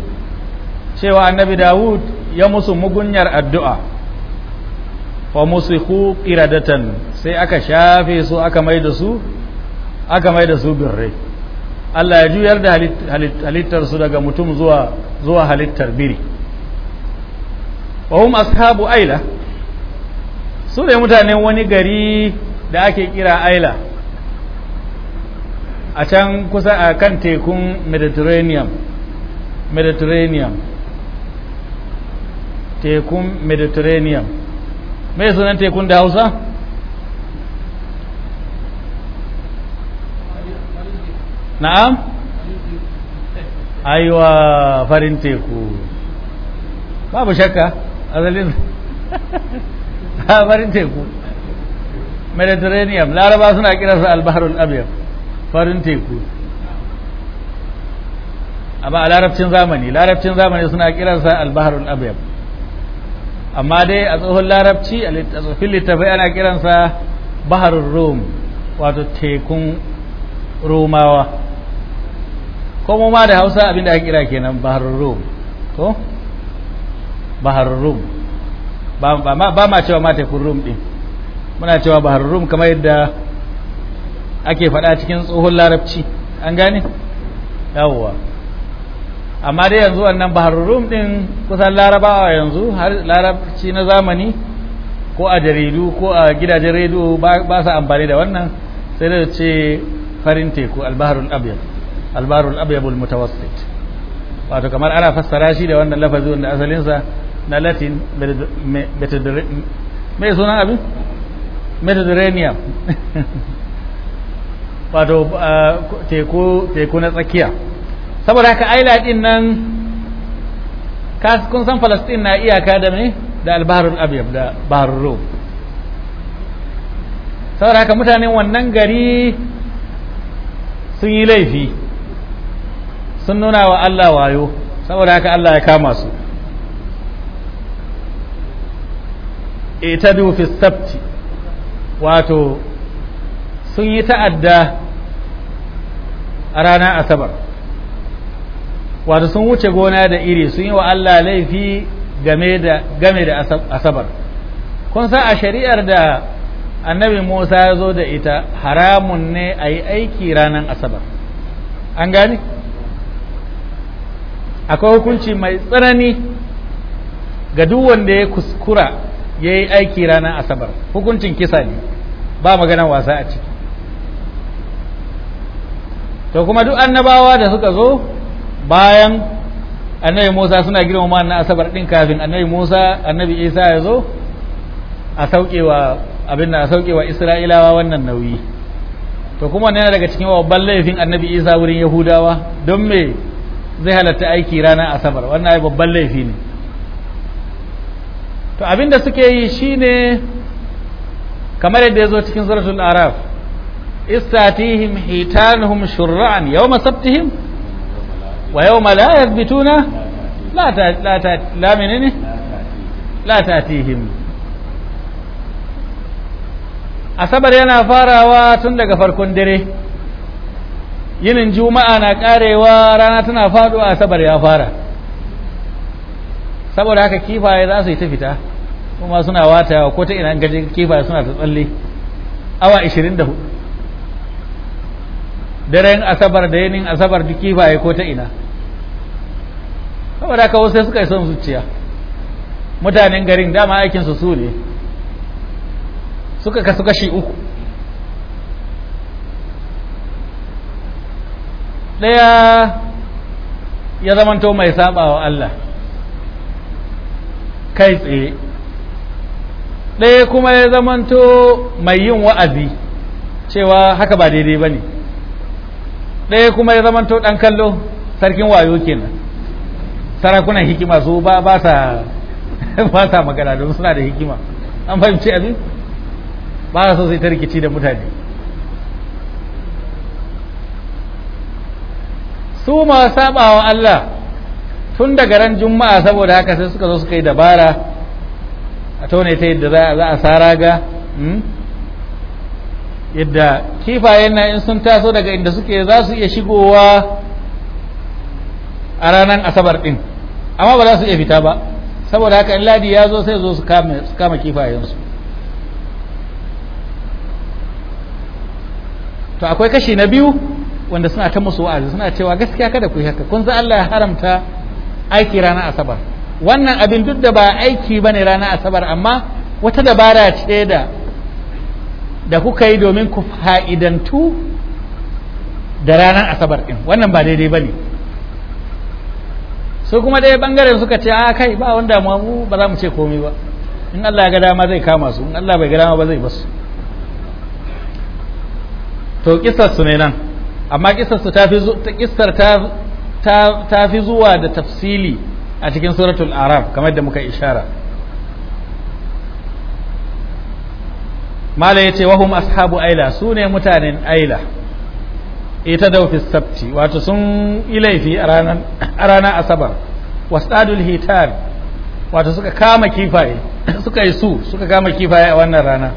cewa annabi dawud ya musu mugunyar addu'a musu ku iradatan sai aka shafe su aka mai da su aka mai da su birrai Allah ya juyar da halittarsu daga mutum zuwa halittar biri wa hum ashabu aila su ne mutanen wani gari da ake kira aila a can kusa a kan tekun mediterranean mediterranean tekun mediterranean mai sunan tekun da hausa na'am aiwa farin teku babu shakka asalin farin teku mediterranean laraba suna kiransa albaharul abiyar farin teku amma a larabcin zamani larabcin zamani suna kiransa albaharul abiyar amma dai a tsohon larabci a tsofin littafai ana kiransa baharul rom wato tekun romawa ko ma da hausa abinda aka kira kenan baharul rom ko bahar rum ba ma cewa ma kun rum din muna cewa bahar rum kamar yadda ake fada cikin tsohon larabci an gane yawwa amma dai yanzu wannan bahar rum din kusan larabawa yanzu har larabci na zamani ko a jaridu ko a gidajen rediyo ba sa amfani da wannan sai da ce farin teku albaharul abyad albaharul abyad mutawassit wato kamar ana fassara shi da wannan lafazi wanda asalinsa na latin mai sunan abin mediterranean wato uh, teku na tsakiya saboda haka aila din nan kun san falastin na iyaka da mai da albaharun abiyar da baharun rom saboda haka mutanen wannan gari sun yi laifi sun nuna wa allah wayo saboda haka allah ya kama su itadu fi sabti wato sun yi ta'adda a ranar asabar wato sun wuce gona da iri sun yi wa Allah laifi game da asabar kun sa a shari'ar da annabi Musa ya zo da ita haramun ne a yi aiki ranar asabar an gani akwai hukunci mai tsanani ga duk wanda ya kuskura ya yi aiki ranar asabar hukuncin kisa ne ba maganan wasa a ciki to kuma duk annabawa da suka zo bayan annabi musa suna ma annan asabar din kafin annabi musa annabi isa ya zo a saukewa abin na saukewa isra'ilawa wannan nauyi to kuma ne daga cikin babban laifin annabi isa wurin yahudawa don me zai halatta aiki ranar asabar wannan babban laifi ne to abinda suke yi shine kamar yadda ya zo cikin suratul araf istatihim hitanuhum shurran yawma sabtihim wa yawma la yathbituna la ta la ta la menene la tatihim asabar yana farawa tun daga farkon dare yinin juma'a na karewa rana tana faɗo asabar ya fara saboda haka kifaye za su yi ta fita kuma suna watayawa ko ta ina gaji kifa suna ta tsalle awa 24 daren asabar da yanin asabar duk kifaye ko ta ina saboda haka wasu suka yi son zuciya mutanen garin dama aikinsu su ne suka kasu kashi uku ɗaya ya zamanto mai saba wa Allah kai tsaye ɗaya kuma ya zamanto mai yin wa'azi cewa haka ba daidai ba ne ɗaya kuma ya zamanto ɗan kallo sarkin wayo kenan sarakunan hikima su ba ba sa magana don suna da hikima an fahimci abin ba so sai ta rikici da mutane su ma saba wa Allah tun daga ran juma'a saboda haka sai suka zo suka yi dabara a taune ta yadda za a tsara ga hmm? yadda kifayen na in sun taso daga inda suke za su iya shigowa a ranar asabar ɗin, amma ba za su iya fita ba saboda haka in ladi ya zo sai zo su kama kifayensu to akwai kashi na biyu wanda suna ta musu wa'azi suna cewa gaskiya kada ku yi haka kun za Allah ya haramta aiki ranar asabar wannan abin duk da ba aiki bane ranar asabar amma wata dabara ce da da kuka yi domin ku fa'idantu da ranar asabar din wannan ba daidai bane su kuma dai bangaren suka ce a ah, kai ba wanda mu ba za mu ce komai ba in Allah ya ga dama zai kama su in Allah bai ga dama ba zai basu to kissar su ne nan amma kissar su ta fi ta ta ta fi zuwa da tafsili a cikin suratul araf kamar da muka ishara mala ce wahum ashabu aila su ne mutanen aila ita da fi sabti wato sun laifi a ranar asabar wasadul hitar wato suka kama kifaye suka yi su suka kama kifaye a wannan rana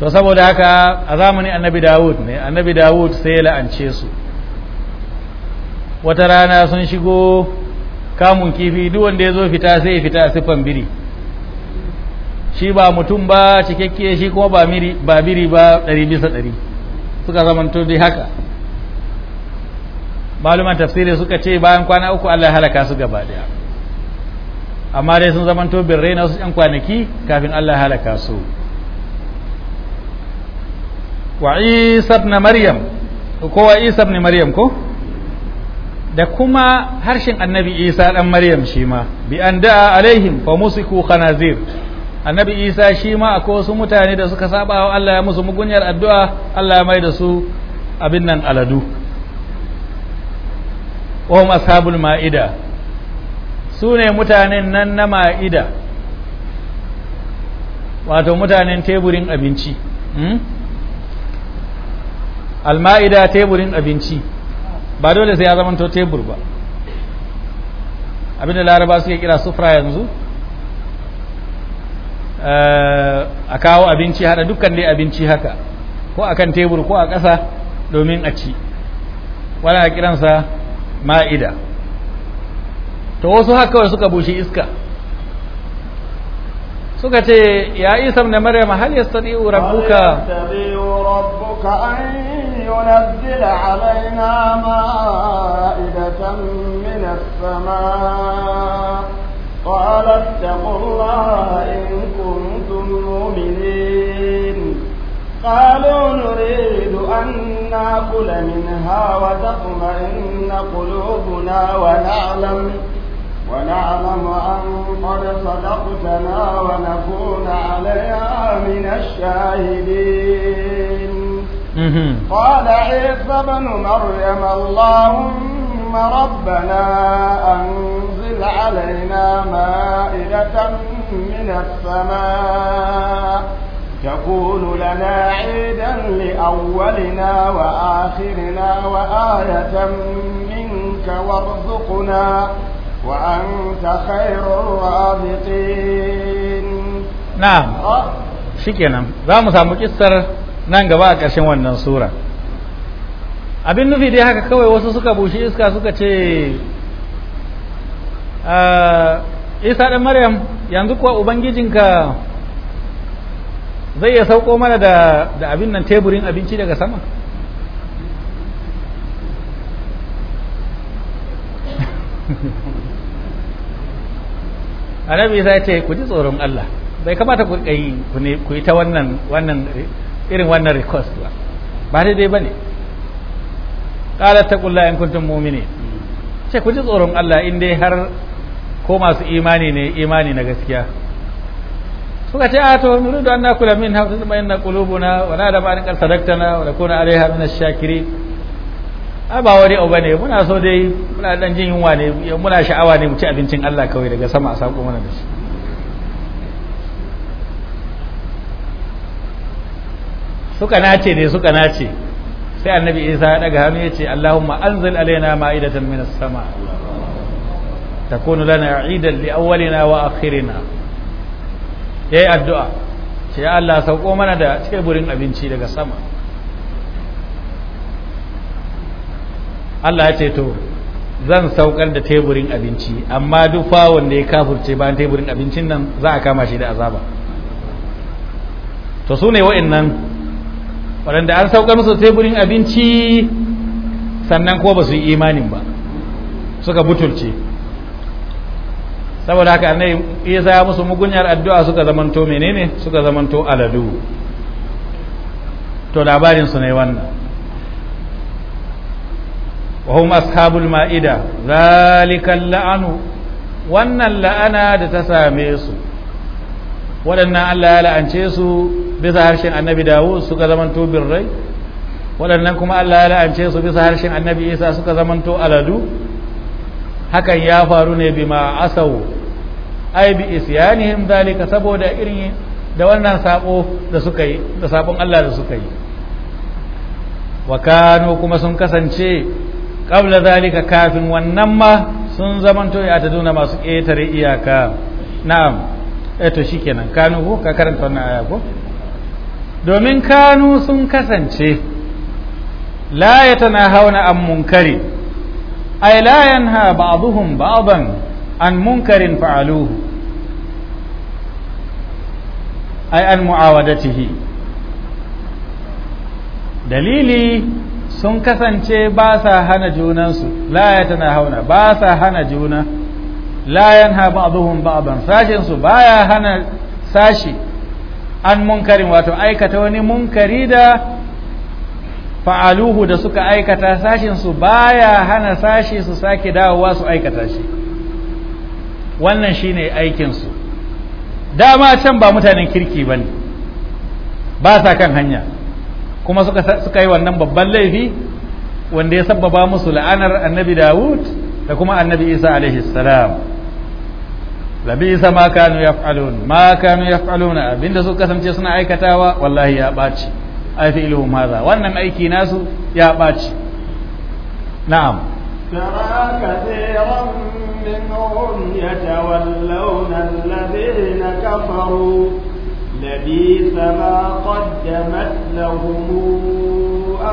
to saboda haka a zamanin annabi dawud ne annabi dawud sai ya la'ance su wata rana sun shigo kamun kifi duk wanda ya zo fita sai ya fita siffan biri shi ba mutum ba cikakke shi kuma ba biri ba biri ba ɗari bisa ɗari suka zamanto dai haka maluman tafsiri suka ce bayan kwana uku Allah halaka su gaba daya amma dai sun zamanto bin na wasu 'yan kwanaki kafin Allah halaka su wa isa ibn maryam ko wa isa ibn maryam ko da kuma harshen annabi isa dan maryam shi ma bi an da'a alaihim fa musiku khanazir annabi isa shi ma akwai wasu mutane da suka saba wa Allah ya musu mugunyar addu'a Allah ya mai da su abin nan aladu wa ashabul ma'ida su ne mutanen nan na ma'ida wato mutanen teburin abinci hmm? al-ma'ida teburin abinci ba dole sai ya zamanto tebur ba abinda laraba suke kira sufra yanzu eh, a kawo abinci hada dukkan dai abinci haka ko a kan tebur ko a ƙasa domin a ci wani a kiransa ma'ida to wasu haka kawai suka bushe iska suka ce ya isa da maryam hal yastati rabbuka rabbuka an لننزل علينا مائدة من السماء قال اتقوا الله إن كنتم مؤمنين قالوا نريد أن نأكل منها وتطمئن قلوبنا ونعلم ونعلم أن قد صدقتنا ونكون عليها من الشاهدين قال عيسى بن مريم اللهم ربنا أنزل علينا مائدة من السماء تكون لنا عيدا لأولنا وآخرنا وآية منك وارزقنا وأنت خير الرازقين نعم شكرا za mu samu kissar nan gaba a ƙarshen wannan sura abin nufi dai haka kawai wasu suka bushe iska suka ce ah, isa ɗan maryam yanzu kuwa ubangijinka zai ya sauko mana da abin nan teburin abinci daga sama annabi isa ya ce ku ji tsoron Allah bai kamata ku yi ta wannan wannan irin wannan request ba ba daidai ba ne ƙalar ƙulla in kuntum mumini ce ku ji tsoron Allah in dai har ko masu imani ne imani na gaskiya suka ce a to nuru da annaku na kula min hafi zama inna kulubuna wa la da ba'ani ƙarsa daktana wa da kuna alaiha min shakiri a ba wani abu ne muna so dai muna dan jin yunwa ne muna sha'awa ne mu ci abincin Allah kawai daga sama a sako mana da shi suka nace ne suka nace sai annabi isa ya daga hannu ya ce allahumma anzil alaina ma'idatan min as-sama takunu lana a'idan li awwalina wa akhirina yayi addu'a ce ya Allah sauko mana da teburin abinci daga sama Allah ya ce to zan saukar da teburin abinci amma duk fawon da ya kafurce bayan teburin abincin nan za a kama shi da azaba to su ne wa'annan waɗanda an sauƙa musu teburin abinci sannan kuma ba su yi imanin ba suka butulce saboda haka annai isa ya musu mugunyar addu'a suka zamanto menene suka zamanto aladu to labarin su ne wannan wa hum ashabul ma'ida zalikal la'anu wannan la'ana da ta same su waɗannan Allah ya la'ance su bisa harshen annabi Dawud suka zamanto birrai waɗannan kuma Allah ya la'ance su bisa harshen annabi Isa suka zamanto aladu hakan ya faru ne bima asau ai bi isyanihim zalika saboda irin da wannan sabo da suka yi da sabon Allah da suka yi wa kanu kuma sun kasance qabla zalika kafin wannan ma sun zamanto ya taduna masu ƙetare iyaka na'am eto eh, to kenan kanu ko ka karanta wannan aya ko domin kanu sun kasance la hauna an munkari ay la yanha ba'dhum ba'dan an munkarin fa'aluhu ay an mu'awadatihi dalili sun kasance ba sa hana junansu la hauna ba sa hana juna la yanha ba'dhum ba'dan sashin su baya hana sashi an munkarin wato aikata wani munkari da fa'aluhu da suka aikata sashin su baya hana sashi su sake dawowa su aikata shi wannan shine aikin su dama can ba mutanen kirki bane ba sa kan hanya kuma suka suka yi wannan babban laifi wanda ya sabbaba musu la'anar annabi Dawud da kuma annabi isa alaihi salam labi isa ma kanu yaf'alun ma kanu yaf'aluna abinda su kasance suna aikatawa wallahi ya ɓaci ai fi ilhum hadha wannan aiki nasu ya ɓaci na'am ترى كثيرا منهم يتولون الذين كفروا لبيس ما قدمت لهم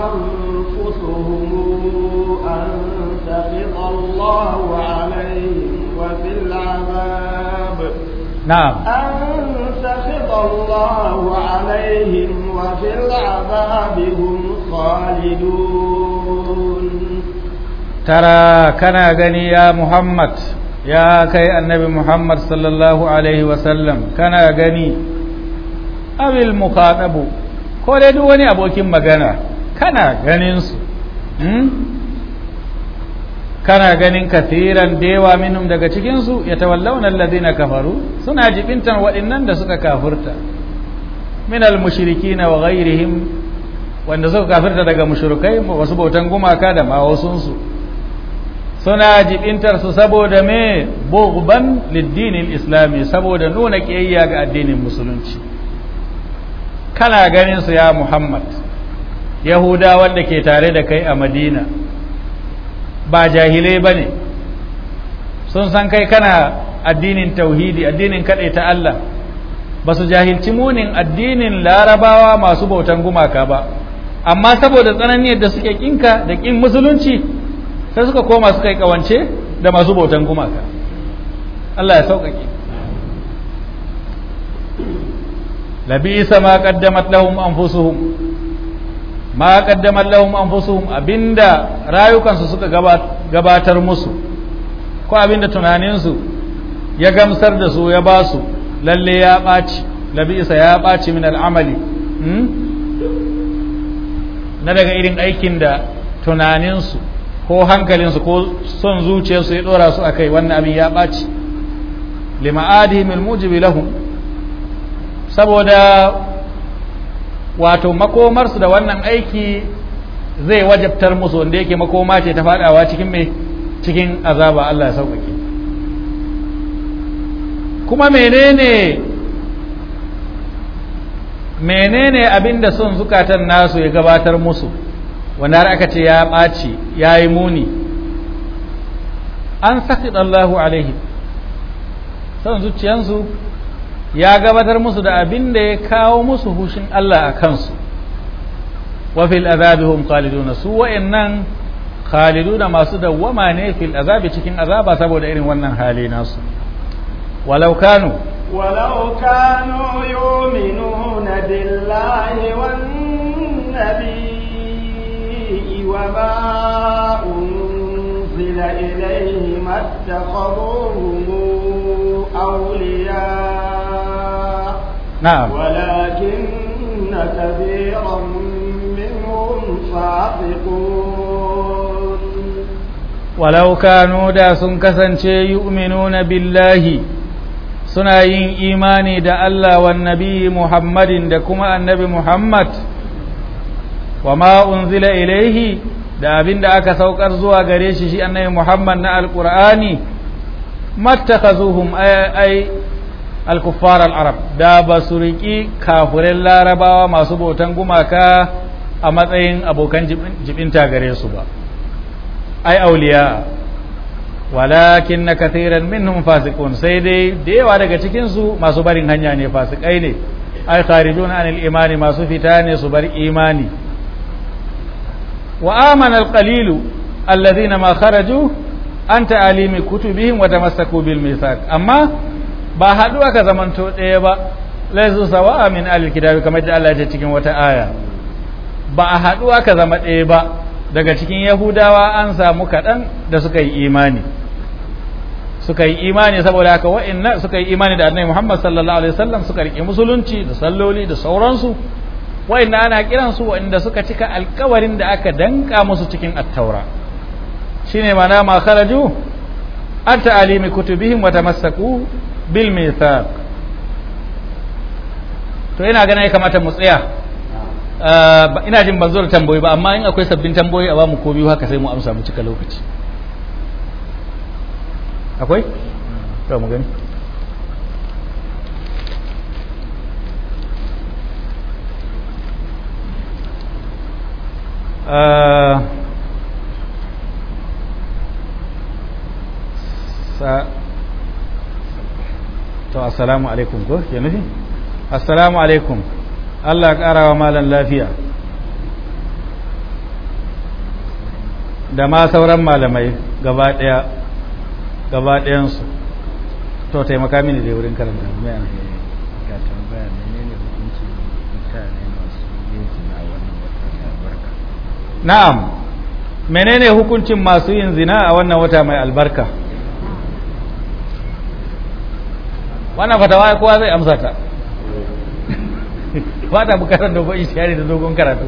أنفسهم أن سخط الله عليهم وفي العذاب نعم أن سخط الله عليهم وفي العذاب هم خالدون ترى كان غني يا محمد يا كي النبي محمد صلى الله عليه وسلم كان غني أبي المخاطب ko dai duk wani abokin magana kana ganin su hmm? kana ganin kathiran dewa minhum daga cikin su yatawallawna alladhina kafaru suna jibintan waɗannan da suka kafurta min almushrikin wa wanda suka kafirta daga mushrikai wasu bautan gumaka da ma suna jibintar su saboda me bughban lid-dinil islami saboda nuna kiyayya ga addinin musulunci kana ganin su ya muhammad Yahuda da ke tare da kai a madina ba jahilai ba ne sun san kai kana addinin tauhidi addinin ta Allah ba su jahilci munin addinin larabawa masu bautan gumaka ba amma saboda tsananin da suke kinka da kin musulunci sai suka koma suka yi kawance da masu bautan gumaka Allah ya sauƙaƙe labisa ma qaddamat lahum anfusuhum ma qaddamat lahum anfusuhum abinda rayukansu suka gabatar musu ko abinda tunaninsu ya gamsar da su ya basu lalle ya ɓaci labisa ya ɓaci min al'amali hmm? na daga irin aikin da tunaninsu ko hankalinsu ko son zuciyarsu ya ɗora su a kai wannan abin ya ɓaci mil mujibi lahum saboda wato makomarsu da wannan aiki zai wajabtar musu wanda yake makoma ce ta fadawa cikin mai cikin azaba Allah ya sauƙaƙe kuma menene menene abinda son zukatan nasu ya gabatar musu wanda har aka ce ya ɓaci ya yi muni an saƙi Allahu alaihi son zuciyansu ya gabatar musu da abin da ya kawo musu hushin Allah a kansu wa fil azabi hum khaliduna su wa'annan khaliduna masu dawwama ne fil azabi cikin azaba saboda irin wannan hali nasu walau kanu walau kanu yu'minuna billahi wan nabiyyi wa ma unzila ilayhi mattakhadhuhum awliya نعم ولكن كثيرا منهم فاسقون ولو كانوا دا سن يؤمنون بالله suna yin imani da Allah wa nabi Muhammadin da kuma annabi Muhammad wa ma unzila ilaihi da abin da aka saukar zuwa gare shi shi annabi Muhammad na alkur'ani mattakazuhum ay al-kuffar arab da ba su riƙi kafirin larabawa masu bautan gumaka a matsayin abokan jibinta gare su ba ai auliya walakin na kathiran minhum fasiqun sai dai da yawa daga cikin su masu barin hanya ne fasikai ne ai kharijuna anil imani masu fita ne su bar imani wa amana al-qalilu alladhina ma kharaju an ta'alimi kutubihim wa tamassaku bil mithaq amma ba haɗu aka zamanto ɗaya ba laisu sawa'a min alil kitabi kamar da Allah ya ce cikin wata aya ba a haɗu aka zama ɗaya ba daga cikin yahudawa an samu kaɗan da suka yi imani suka yi imani saboda haka wa'annan suka yi imani da annabi Muhammad sallallahu alaihi wasallam suka rike musulunci da salloli da sauransu wa'annan ana kiransu wa'anda suka cika alkawarin da aka danka musu cikin attaura shine mana ma kharaju an ta'alimi kutubihim wa tamassaku bil mithaq to ina ganin ya kamata mu tsaya eh, ina jin ban zo da tamboyi ba amma in akwai sabbin tamboyi a ba mu ko biyu haka sai mu amsa mu cika lokaci akwai to mu gani uh, to assalamu alaikum ko ke nufi assalamu alaikum Allah ƙara wa malan lafiya da ma sauran malamai gaba ɗaya gaba ɗayansu to taimaka mini da wurin karanta bayan ga tambaya menene hukuncin mutane masu yin zina a wannan wata mai albarka na'am menene hukuncin masu yin zina a wannan wata mai albarka wannan fatawa kowa zai amsa ta ba ta bukatar dogon ishiyari da dogon karatu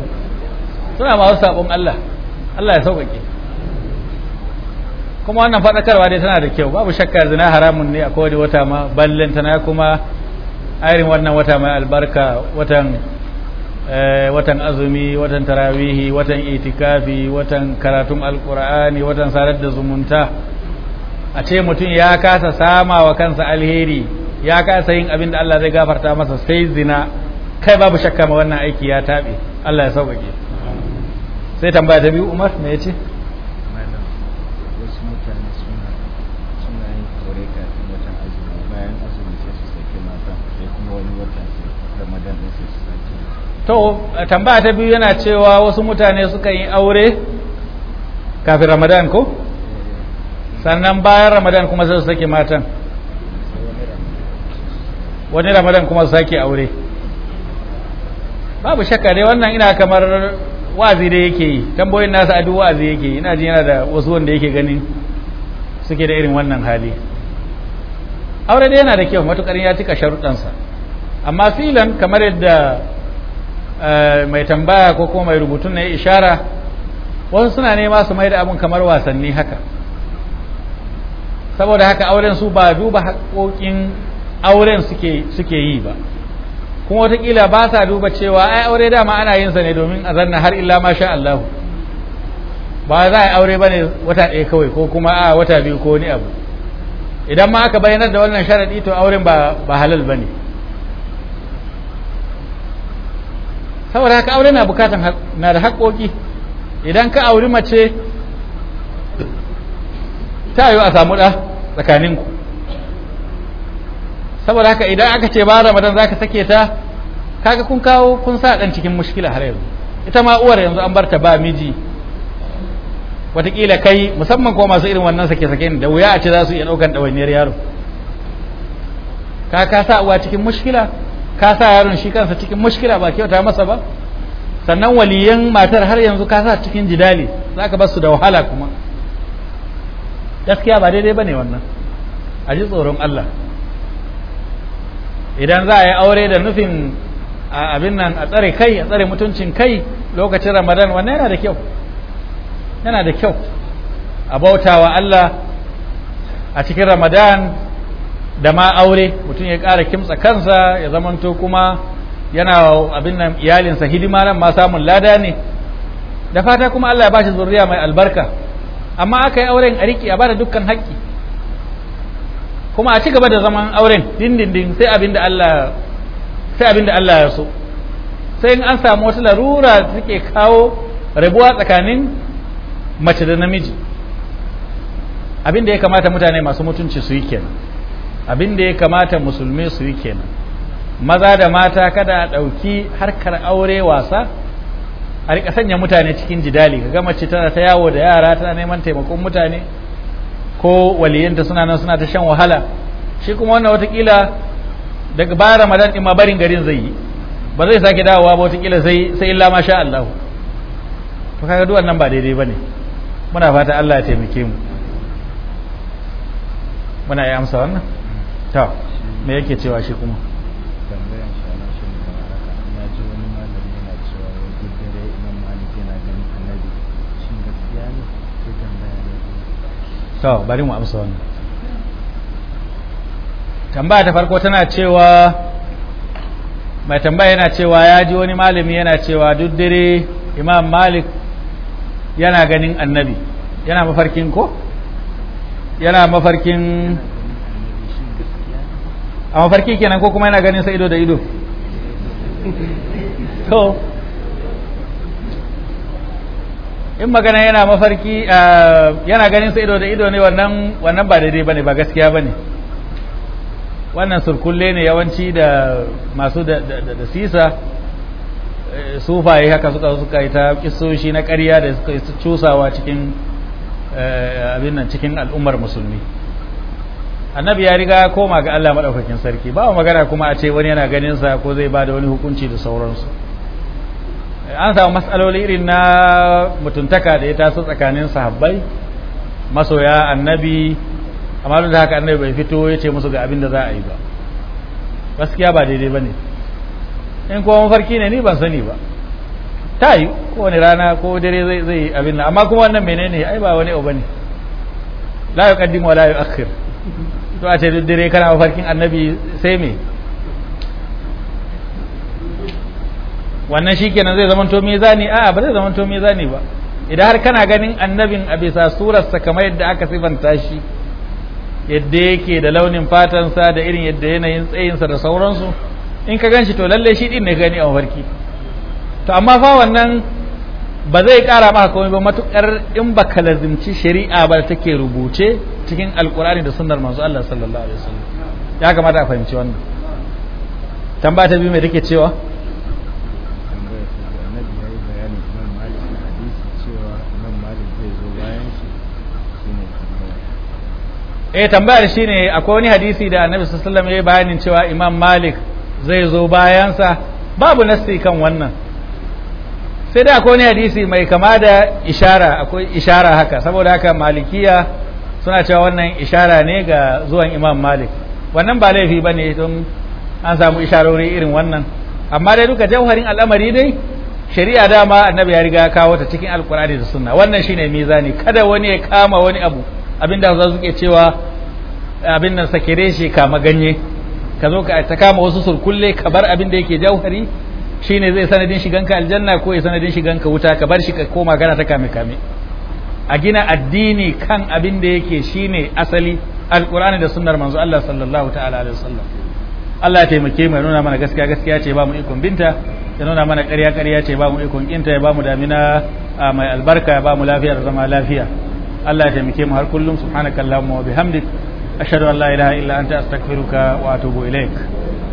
suna masu sabon Allah Allah ya sauƙaƙe kuma wannan faɗakarwa dai tana da kyau babu shakka zina haramun ne a kowane wata ma ballin tana kuma irin wannan wata mai albarka watan eh, watan azumi watan tarawihi watan itikafi watan karatun alkur'ani watan sarar da zumunta a ce mutum ya kasa sama wa kansa alheri ya kasa yin abin da Allah zai gafarta masa sai zina kai babu shakka ma wannan aiki ya tabe Allah ya sauƙaƙe sai tambaya ta biyu Umar me yace wasu mutane suna yin aure kafin bayan kuma wani watan to tambaya ta biyu yana cewa wasu mutane suka yi aure kafin Ramadan ko eh. sannan bayan Ramadan kuma sai su sake matan wani ramadan kuma su sake aure babu shakka dai wannan ina kamar wazi da yake yi tambayoyin nasa a duk wazi yake yi ina jin yana da wasu wanda yake ganin suke da irin wannan hali aure dai yana da kyau matukar ya cika sharuɗansa amma filan kamar yadda eh, mai tambaya ko kuma mai rubutun na ishara wasu suna nema su mai da abin kamar wasanni haka saboda haka auren su ba duba haƙoƙin auren suke yi ba kuma watakila ba sa duba cewa ai aure dama ana yin sa ne domin a zanna har illa masha Allahu ba za a aure ba wata ɗaya kawai ko kuma a wata biyu ko wani abu idan ma aka bayyana da wannan sharaɗi to auren ba ba halal bane saboda haka aure na bukatan na da haƙoƙi idan ka auri mace ta yiwu a samu ɗa tsakaninku saboda haka idan aka ce ba ramadan zaka sake ta kaga kun kawo kun sa dan cikin mushkila har yanzu ita ma uwar yanzu an barta ba miji watakila kai musamman ko masu irin wannan sake sake da wuya a ce za su iya daukan dawainiyar yaro ka ka sa uwa cikin mushkila ka sa yaron shi kansa cikin mushkila ba kyauta masa ba sannan waliyan matar har yanzu ka sa cikin jidali za ka bar da wahala kuma gaskiya ba daidai ba ne wannan a tsoron Allah idan za a yi aure da nufin abin nan a tsare kai a tsare mutuncin kai lokacin ramadan wannan yana da kyau yana da kyau a bautawa Allah a cikin ramadan da ma aure mutum ya ƙara kimtsa kansa ya zamanto kuma yana abin nan iyalinsa hidima nan ma samun lada ne da fata kuma Allah ya bashi zuriya mai albarka amma aka yi auren a riƙe a bada dukkan haƙƙi kuma a ci gaba da zaman auren dindindin sai abin da Allah sai abin da Allah ya so sai in an samu wata larura suke kawo rabuwa tsakanin mace da namiji abin da ya kamata mutane masu mutunci su yi kenan abin da ya kamata musulmi su yi kenan maza da mata kada a ɗauki harkar aure wasa a rika sanya mutane cikin jidali ka ga mace tana ta yawo da yara tana neman taimakon mutane ko waliyanta suna nan suna ta shan wahala shi kuma wannan watakila daga bayan ramadan ɗin ma barin garin zai yi ba zai sake dawowa ba watakila sai sai illa masha sha Allah to kaga duk wannan ba daidai bane muna fata Allah ya taimake mu muna yi amsa wannan to me yake cewa shi kuma to bari mu amsa wannan tambaya ta farko tana cewa mai tambaya yana cewa ya ji wani malami yana cewa duk dare imam malik yana ganin annabi yana mafarkin ko yana mafarkin a mafarki kenan ko kuma yana ganin sa ido da ido to in magana yana mafarki ah, yana ganin sa ido da ido ne wannan wannan ba daidai bane ba gaskiya bane wannan surkulle ne yawanci da masu da sisa eh, sufaye haka suka suka yi ta kisoshi na ƙarya da suka yi cusawa cikin eh, abin nan cikin al'ummar musulmi annabi ya riga koma ga Allah madaukakin sarki ba magana kuma a ce wani yana ganin sa ko zai bada wani hukunci da sauransu an samu matsaloli irin na mutuntaka da ya taso tsakanin sahabbai masoya annabi amma duk da haka annabi bai fito ya ce musu ga abin da za a yi ba gaskiya ba daidai ba ne in kuma mafarki ne ni ban sani ba ta yi kowane rana ko dare zai yi abin nan amma kuma wannan menene ai ba wani abu ne la yuqaddimu wa la akhir to a ce duk dare kana mafarkin annabi sai me wannan kenan zai zamanto zani a'a ba zai zamanto zani ba idan har kana ganin annabin a bisa surarsa kamar yadda aka sifanta shi yadda yake da launin fatan sa, da irin yadda yanayin tsayinsa da sauransu in ka gan shi to lalle shi din ne gani a mafarki to amma fa wannan ba zai kara maka komai ba matukar in ba ka lazimci shari'a ba take rubuce cikin alkurani da sunnar manzo Allah sallallahu alaihi wasallam ya kamata a fahimci wannan tambaya ta biyu mai take cewa eh tambayar shine akwai wani hadisi da annabi sallallahu alaihi wasallam ya bayanin cewa imam malik zai zo bayansa babu nasti kan wannan sai da akwai wani hadisi mai kama da ishara akwai ishara haka saboda haka malikiya suna cewa wannan ishara ne ga zuwan imam malik wannan ba laifi ba ne don an samu isharori irin wannan amma dai duka jauharin al'amari dai shari'a dama annabi ya riga kawo ta cikin alkurani da sunna wannan shine mizani kada wani ya kama wani abu Abin da za su ke cewa abin nan sakere shi kama ganye ka zo ka ta kama wasu surkulle ka bar abin da yake jauhari shine zai sanadin shiganka aljanna ko ya sanadin shiganka wuta ka bar shi ka koma gana ta kame kame a gina addini kan abin da yake shine asali alqur'ani da sunnar manzo Allah sallallahu ta'ala alaihi wasallam Allah ya taimake mu ya nuna mana gaskiya gaskiya ce ba mu ikon binta ya nuna mana ƙarya ƙarya ce ba mu ikon kinta ya ba mu damina mai albarka ya ba mu lafiya da zama lafiya Allah ya taimake mu har kullum subhanakallahumma wa bihamdik ashhadu an la ilaha illa anta astaghfiruka wa atubu ilaik